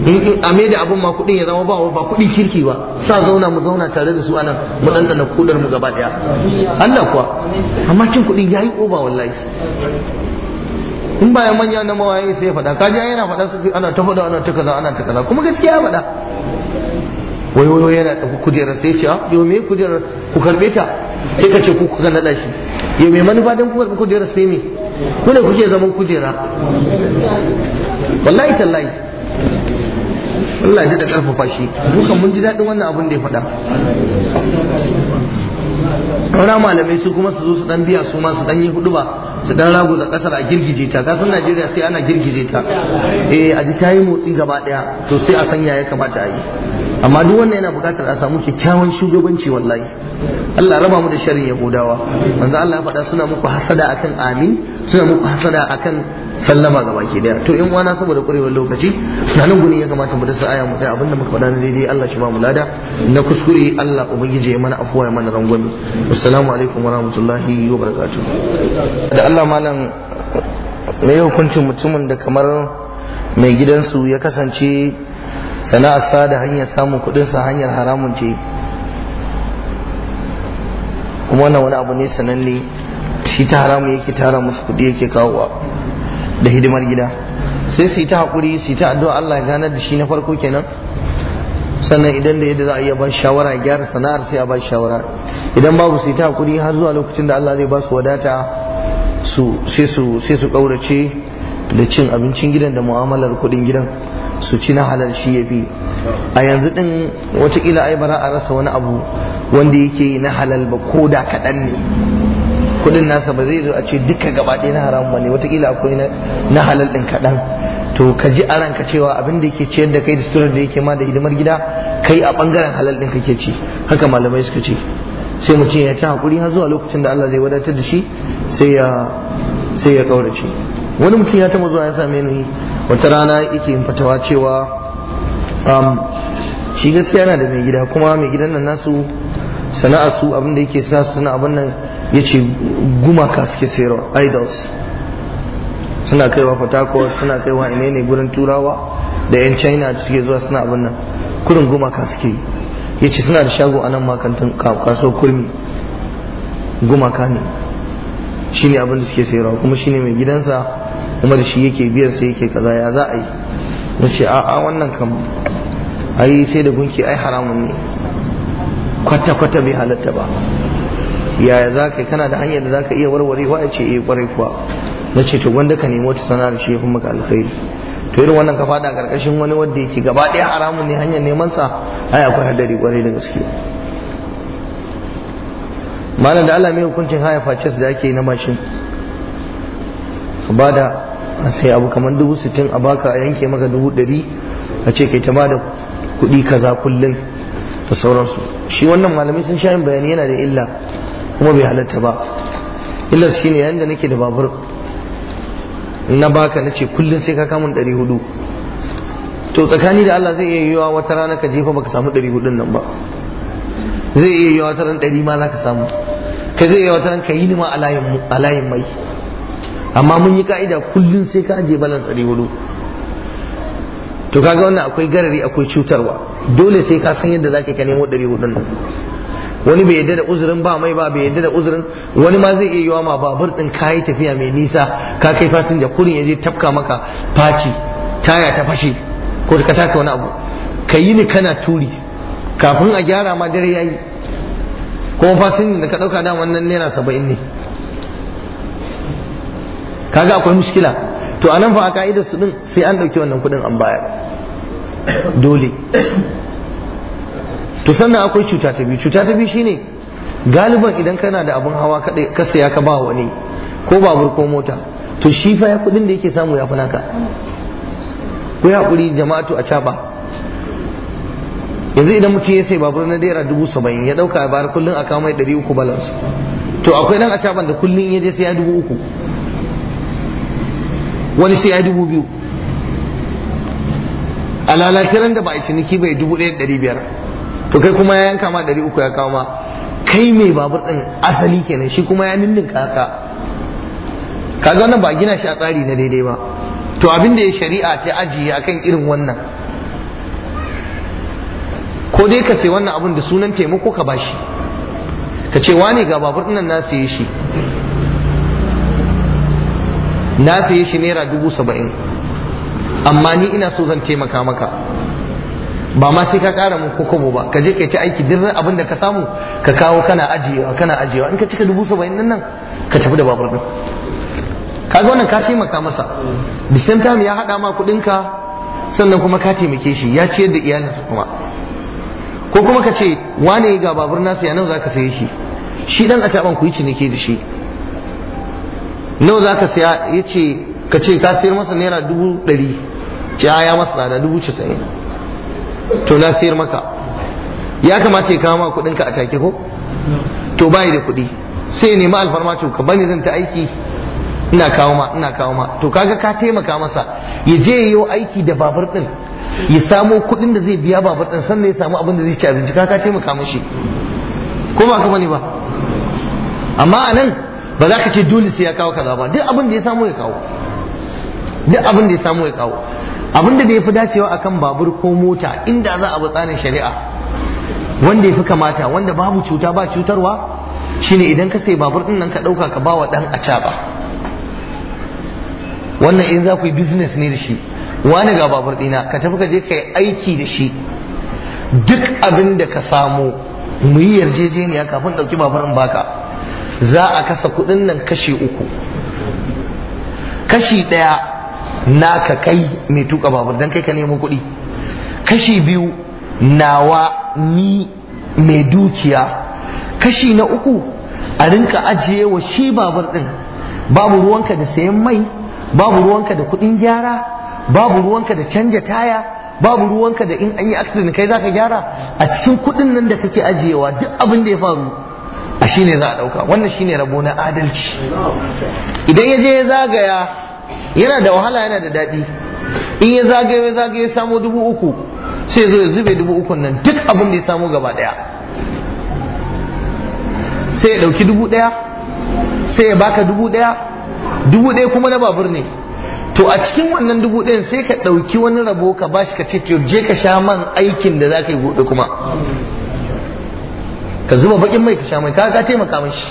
in a me da abun ma kuɗin ya zama ba ba kuɗi kirki ba sa zauna mu zauna tare da su anan mu dandana kuɗar mu gaba ɗaya Allah kuwa amma cin kuɗin yayi oba wallahi in ba ya manya na mawaye sai faɗa kaji yana faɗa su ana ta faɗa ana ta kaza ana ta kaza kuma gaskiya faɗa wai wai yana da kujerar sai ce a ah, yau me kujerar ku karbe ta sai ka ce ku kuka nada shi yau me manufa don ku karɓi kujerar sai me ku ne kuke zaman kujera wallahi tallahi Allah ya daɗa ƙarfafa shi dukan mun ji daɗin wannan abin da ya faɗa Rauna malamai su kuma su zo su dan biya su ma su dan yi hudu ba su dan ragu da kasar a girgije ta kasan Najeriya sai ana girgije ta eh a ji ta yi motsi gaba daya to sai a sanya ya kamata a yi amma duk wannan yana buƙatar a samu kyakkyawan shugabanci wallahi Allah raba mu da ya godawa. manzo Allah ya faɗa suna muku hasada akan amin suna muku hasada akan sallama ga baki daya to in wana saboda kurewar lokaci nan guni ya kamata mu dasa aya mu kai abinda muka faɗa ne daidai Allah shi ba mu lada na kuskure Allah ubangiji ya mana afuwa ya mana rangwami assalamu alaikum wa rahmatullahi wa barakatuh da Allah malam me hukuncin mutumin da kamar mai gidansu ya kasance sa da hanyar samun kudinsa hanyar haramun ce kuma wannan wani abu ne sananne shi ta haramun yake tara musu kuɗi yake kawowa da hidimar gida sai su yi ta haƙuri su yi ta addu'a Allah ya ganar da shi na farko kenan sannan idan da yadda za a iya ban shawara ya gyara sana'ar sai a ba shawara idan babu su yi ta haƙuri har zuwa lokacin da Allah zai ba su wadata su sai su ƙaurace da cin abincin gidan da mu'amalar kuɗin gidan su ci na halal shi ya fi a yanzu ɗin watakila ai bara a rasa wani abu wanda yake na halal ba ko da kaɗan ne kudin nasa ba zai zo a ce duka gaba ɗaya na haramun ba ne watakila akwai na halal ɗin kaɗan to ka ji a ranka cewa abin da yake ciyar da kai da suturar da yake ma da hidimar gida kai a ɓangaren halal ɗin kake ci haka malamai suka ce sai mutum ya ta haƙuri har zuwa lokacin da Allah zai wadatar da shi sai ya sai ya ƙaurace wani mutum ya taba zuwa ya same ni wata rana yake yin fatawa cewa um, shi gaskiya yana da mai gida kuma mai gidan nan nasu sana'a su abin da yake sa suna abin nan ya ce gumaka suke sayarwa idols suna kaiwa fatako suna kaiwa ine ne gurin turawa da yan china suke zuwa suna abin nan kurin gumaka suke ya ce suna da shago a nan makantan kaso kurmi gumaka ne shine abin da suke sayarwa kuma shine mai gidansa da shi yake biyan sai yake kaza ya za a yi na ce a'a wannan kam ai sai da gunki ai haramun ne kwata-kwata bai halatta ba yaya za ka kana da hanyar da za ka iya warware wa ya ce iya eh, kwarai kuwa na ce to wanda ka nemi wata sana'ar shi ya fi maka alkhairi to irin wannan ka fada karkashin wani wanda yake gaba ɗaya haramun ne hanyar neman sa ai akwai hadari kwarai da gaske malam da Allah mai hukuncin haya faces da ake na mashin ba da a sai abu kamar dubu sittin a baka a yanke maka dubu ɗari a ce kai ta ba da kuɗi kaza kullum da sauransu shi wannan malamai sun sha yin bayani yana da illa kuma bai halatta ba illar shi ne yayin da nake da babur na baka na ce kullum sai ka kamun ɗari hudu to tsakani da Allah zai iya wa wata rana ka jefa baka samu ɗari hudun nan ba zai iya wa wata ran ɗari ma za ka samu ka zai iya wata ran ka yi nima a layin mai amma mun yi ka'ida kullum sai ka aje balan tsari hudu to kaga wannan akwai garari akwai cutarwa dole sai ka san yadda zaka ka nemo ɗari nan wani bai yadda da uzurin ba mai ba bai yadda da uzurin wani ma zai iya yiwa ma babur din kayi tafiya mai nisa ka kai fasinja kurin ya je tafka maka faci taya ta fashe ko ka taka wani abu ka yi ni kana turi kafin a gyara ma dare yayi kuma fasinja da ka dauka da wannan naira saba'in ne kaga akwai muskila to anan fa a ka'idar su din sai an ɗauki wannan kuɗin an bayar dole to sannan akwai cuta ta biyu cuta ta biyu shine galiban idan kana da abun hawa ka saya ka ba wani ko babur ko mota to shi fa ya kudin da yake samu ya fi naka ya kuri jama'atu a caba yanzu idan mutum ya sai babur na naira dubu saba'in ya ɗauka a bayar kullum a kawo mai ɗari uku balance to akwai dan a caban da kullum ya je sai ya dubu uku wani sai ya dubu biyu a lalatiran da ba a ciniki bai dubu ɗaya ɗari biyar to kai kuma ya yanka ma ɗari uku ya kawo ma kai mai babur ɗin asali kenan shi kuma ya ninninka haka kaga wannan ba gina shi a tsari na daidai ba to abin da ya shari'a ta ajiye a kan irin wannan ko dai ka sai wannan abin da sunan taimako ka bashi ka ce wane ga babur ɗin nan na yi shi na saye shi naira dubu saba'in amma ni ina so zan taimaka maka ba ma sai ka kara mun kokobo ba ka je ka ta aiki duk abin da ka samu ka kawo kana ajiyewa kana ajiyewa in ka cika dubu saba'in nan nan ka tafi da babur din ga wannan ka taimaka masa da same time ya hada ma kudin ka sannan kuma ka taimake shi ya ciyar da iyalinsa kuma ko kuma ka ce wane ga babur nasu ya nan za ka saye shi shi dan a ku yi ciniki da shi nawa za ka siya ya ce ka ce ka siyar masa naira dubu ɗari ce ya masa tsada dubu casa'in to na siyar maka ya kamata ya kama kuɗinka a take ko to bayi da kuɗi sai nemi alfarma to ka bani zan ta aiki ina kawo ma ina kawo ma to kaga ka taimaka masa ya je ya yi aiki da babur ɗin ya samo kuɗin da zai biya babur ɗin sannan ya samu abin da zai ci abinci kaga ka taimaka mashi ko ba ka bani ba amma anan. nan ba za ka ce dole sai ya kawo kaza ba duk abin da ya samu ya kawo duk abin da ya samu ya kawo abin da ya fi dacewa akan babur ko mota inda za a bi tsarin shari'a wanda ya fi kamata wanda babu cuta ba cutarwa shine idan ka sai babur din nan ka dauka ka bawa dan acaba wannan in za ku yi business ne da shi wani ga babur dina ka tafi ka je ka yi aiki da shi duk abin da ka samu muyi yarjejeniya kafin ɗauki babur in baka za a kasa kuɗin nan kashi uku kashi ɗaya ka kai mai tuka babur don kai ka nemo kuɗi kashi biyu nawa ni mai dukiya kashi na uku a rinka ajiye wa shi babur ɗin babu ruwanka da sayan mai babu ruwanka da kuɗin gyara babu ruwanka da canja taya babu ruwanka da in an yi accident kai zaka gyara a cikin kuɗin nan da kake ajiyewa duk abin da ya faru a ne za a ɗauka. wannan shi ne rabo na adalci idan ya je ya zagaya yana da wahala yana da daɗi in ya zagaya ya zagaya ya samu dubu uku sai zo ya zube dubu ukun nan duk abin da ya samu gaba ɗaya sai ya ɗauki dubu ɗaya sai ya baka dubu ɗaya dubu ɗaya kuma na babur ne to a cikin wannan dubu ɗayan sai ka ɗauki wani rabo ka bashi ka ce to je ka sha man aikin da za ka yi gobe kuma ka zuba bakin mai ka sha mai kaga ka taimaka shi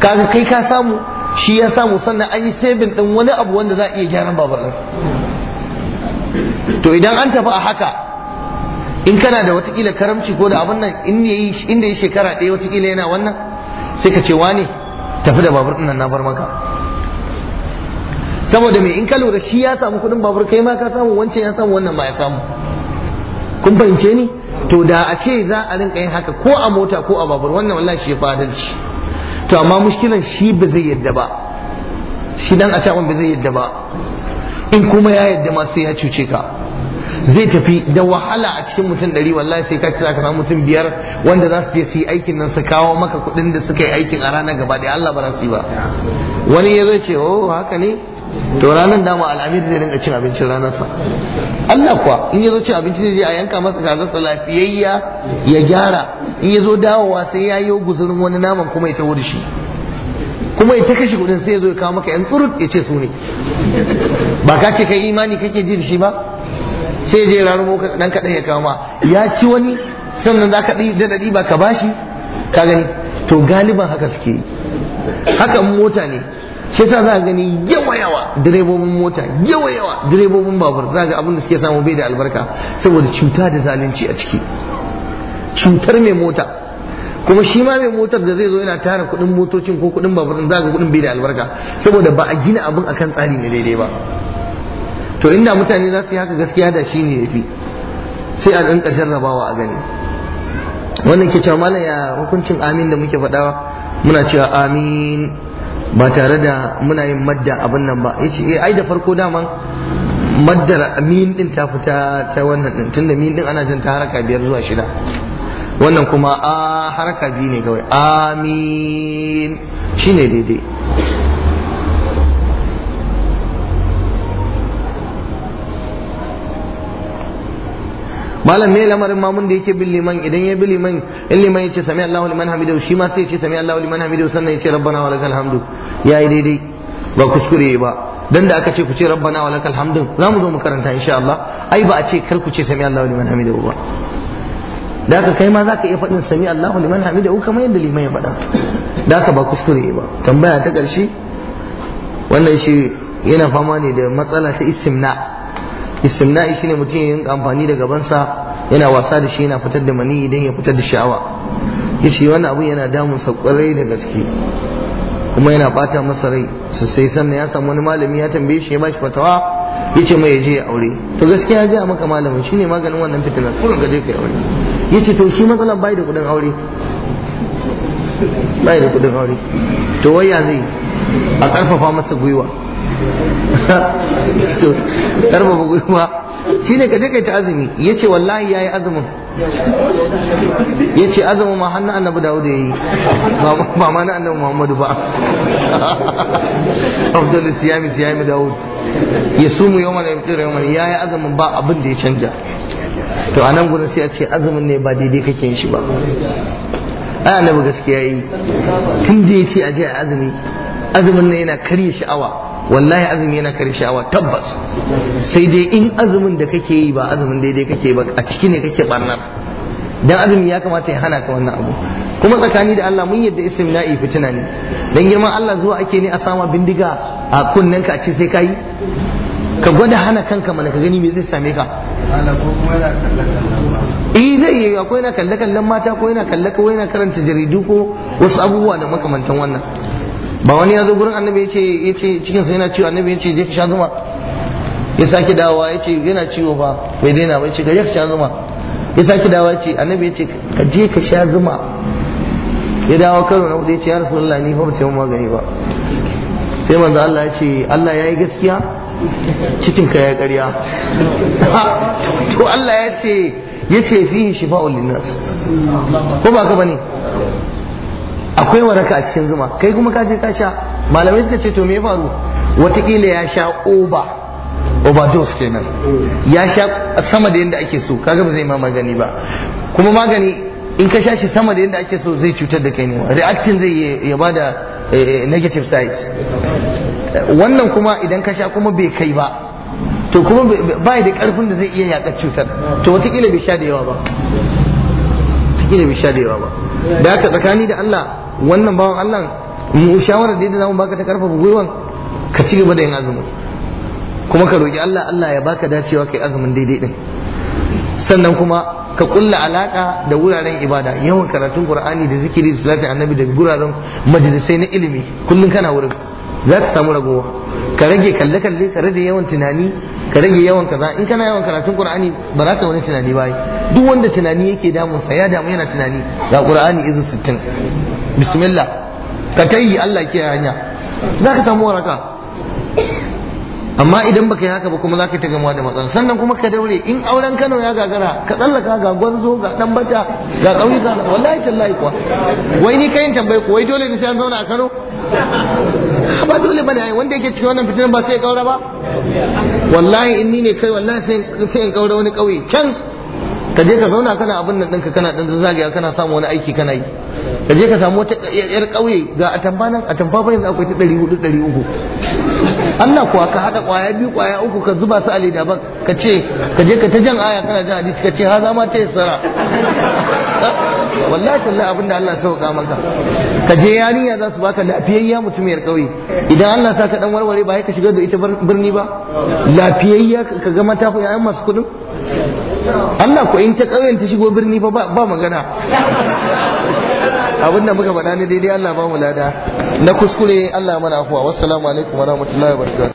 kaga kai ka samu shi ya samu sannan an yi sabin din wani abu wanda za a iya gyaran babur din to idan an tafi a haka in kana da watakila karamci ko da abin nan inda ya shekara ɗaya watakila yana wannan sai ka ce wane tafi da babur din nan na bar maka saboda me in ka lura shi ya samu kuɗin babur kai ma ka samu wancan ya samu wannan ma ya samu kun fahimce ni to da a ce za a rinka yin haka ko a mota ko a babur wannan wallahi shi fadalci to amma mushkilan shi ba zai yadda ba shi dan a ba zai yadda ba in kuma ya yadda ma sai ya cuce ka zai tafi da wahala a cikin mutum ɗari wallahi sai ka ci ka samu mutum biyar wanda za su je su yi aikin nan su kawo maka kuɗin da suka yi aikin a ranar gaba ɗaya Allah ba za su yi ba wani ya zai ce oh haka ne to ranar dama al'amir zai rinka cin abincin ranarsa Allah kuwa in ya zo cin abinci zai a yanka masa kazarsa lafiyayya ya gyara in ya zo dawowa sai ya yi guzurin wani naman kuma ya wuri shi kuma ya ta kashe kudin sai ya zo ya kawo maka yan tsurut ya ce su ne ba ka ce kai imani kake ji da shi ba sai ya je ranar Mokan dan kaɗan ya kawo ya ci wani sannan za ka ɗaɗi ba ka bashi ka gani to galiban haka suke yi hakan mota ne shi sa za gani yawa yawa direbobin mota yawa yawa direbobin babur za ga abin da suke samu bai da albarka saboda cuta da zalunci a ciki cutar mai mota kuma shi ma mai motar da zai zo yana tara kuɗin motocin ko kuɗin babur za ga kuɗin bai da albarka saboda ba a gina abin akan tsari mai daidai ba to inda mutane za su yi haka gaskiya da shi ne yafi sai a ɗan jarrabawa a gani wannan ke cewa ya hukuncin amin da muke faɗawa muna cewa amin ba tare da muna yin madda abin nan ba yace eh ai da farko daman maddar min din ta fita ta wannan din tunda min din ana jin ta haraka biyar zuwa shida wannan kuma a haraka biyu ne kawai amin shine daidai malam me lamarin mun da yake bin liman idan ya bi liman in liman yace sami Allahu liman Hamidu shi ma sai yace ce sami Allahu liman Hamidu sannan ya ce rabbana wa lakal hamdu yayi daidai ba kuskure ba dan da aka ce ku ce rabbana wa lakal hamdu za mu zo mu karanta insha Allah ai ba a ce kar ku ce sami Allahu liman Hamidu ba da haka kai ma za ka iya faɗin sami Allahu liman Hamidu kamar yadda liman ya faɗa da haka ba kuskure ba tambaya ta ƙarshe wannan shi yana fama ne da matsala ta istimna' istimna'i shine mutum ya yin amfani da gabansa yana wasa da shi yana fitar da mani idan ya fitar da sha'awa yace wannan abun yana damun sa kwarai da gaske kuma yana bata masa rai sosai sannan ya samu wani malami ya tambaye shi ya bashi fatawa yace mai je ya aure to gaskiya ya ga maka malamin shine maganin wannan fitina ko ga dai kai aure yace to shi matsalan bai da kudin aure bai da kudin aure to waya zai a karfafa masa gwiwa karfafa ba shi ne ka je kai ta azumi yace ce wallahi ya yi azumin yace azumin ma hannun annabi dawuda ya yi ba ma na annabi muhammadu ba abdul (laughs) siyami siyami dawud ya sumu yau iftir yau mana ya yi azumin ba abin da ya canja to a nan gudun sai a ce azumin ne ba daidai kake yin shi ba ai annabi gaskiya yi tun da ya ce a je azumi azumin ne yana karya sha'awa wallahi azumi yana kare sha'awa tabbas sai dai in azumin da kake yi ba azumin daidai kake ba a ciki ne kake barnar dan azumi ya kamata ya hana ka wannan abu kuma tsakani da Allah mun yadda istimna'i fitina ne dan girman Allah zuwa ake ne a sama bindiga a kunnen ka a ce sai kai ka gwada hana kanka mana ka gani me zai same ka eh zai yi akwai na kalle kallon mata ko yana kalle ko yana karanta jaridu ko wasu abubuwa da makamantan wannan ba wani ya zo gurin annabi ya ce cikinsa yana ciwo annabi ya ce je ka sha zuma ya sake dawowa ya ce yana ciwo fa bai daina ba ya ce ka je ka sha zuma ya sake dawowa ya ce annabi ya ce ka je ka sha zuma ya dawo karo na ya ce ya rasulullah ni fa bace magani ba sai manzo Allah ya ce Allah ya yi gaskiya cikin ka ya karya to Allah ya ce ya ce fihi shifa linnas ko ba ka bane akwai waraka a cikin zuma kai kuma ka je ka sha malamai suka ce to me ya faru wataƙila ya sha oba overdose kenan ya sha sama da yadda ake so kaga ba zai ma magani ba kuma magani in ka sha shi sama da yadda ake so zai cutar da kai ne reaction zai ya bada eh, eh, negative side wannan kuma idan ka sha kuma bai kai ba to kuma ba da karfin da zai iya yakar cutar to watakila bai sha da yawa ba watakila bai sha da yawa ba da haka tsakani da Allah wannan bawan Allah mu shawara da zamu baka ta karfafa gwiwan ka ci gaba da yin azumi kuma ka roki Allah Allah ya baka dacewa kai azumin daidai din sannan kuma ka kulla alaka da wuraren ibada yawan karatun qur'ani da zikiri da salati annabi da guraren majalisai na ilimi kullun kana wurin za ka samu ragowa ka rage kalle kalle ka rage yawan tunani ka rage yawan kaza in kana yawan karatun qur'ani ba za ka wani tunani ba duk wanda tunani yake damun sa ya damu yana tunani ga qur'ani izu 60 bismillah ka kai Allah ke hanya za ka samu waraka amma idan baka yi haka ba kuma zaka ta gamuwa da matsala sannan kuma ka daure in auren Kano ya gagara ka tsallaka ga gwanzo ga dan bata ga kauyuka wallahi tallahi kuwa wai ni kai tambaye ku wai dole ne sai an zauna a Kano ba dole bane ai wanda yake cikin wannan fitinan ba sai kaura ba wallahi in ne kai wallahi sai in kaura wani kauye can ka je ka zauna kana abin nan ɗinka kana ɗan zagaya kana samu wani aiki kana yi ka je ka samu wata yar ƙauye ga atamfa nan atamfa ba da akwai ta ɗari hudu ɗari uku Allah kuwa ka haɗa ƙwaya biyu ƙwaya uku ka zuba su a leda ba ka ce ka je ka ta jan aya kana jan hadisi ka ce ha za ma ta yi sara (laughs) wallahi tallahi abin da Allah ya sauka maka ka je yarinya za su baka lafiyayya mutumiyar ƙauye idan Allah sa ka dan warware ba ka shiga da ita birni ba lafiyayya ka ga mata ku ƴaƴan masu kuɗin Allah ko in ta ƙauyen ta shigo birni fa ba magana abinda muka faɗa ne daidai Allah ba mu lada na kuskure Allah mana afuwa wassalamu alaikum wa rahmatullahi wa barakatuh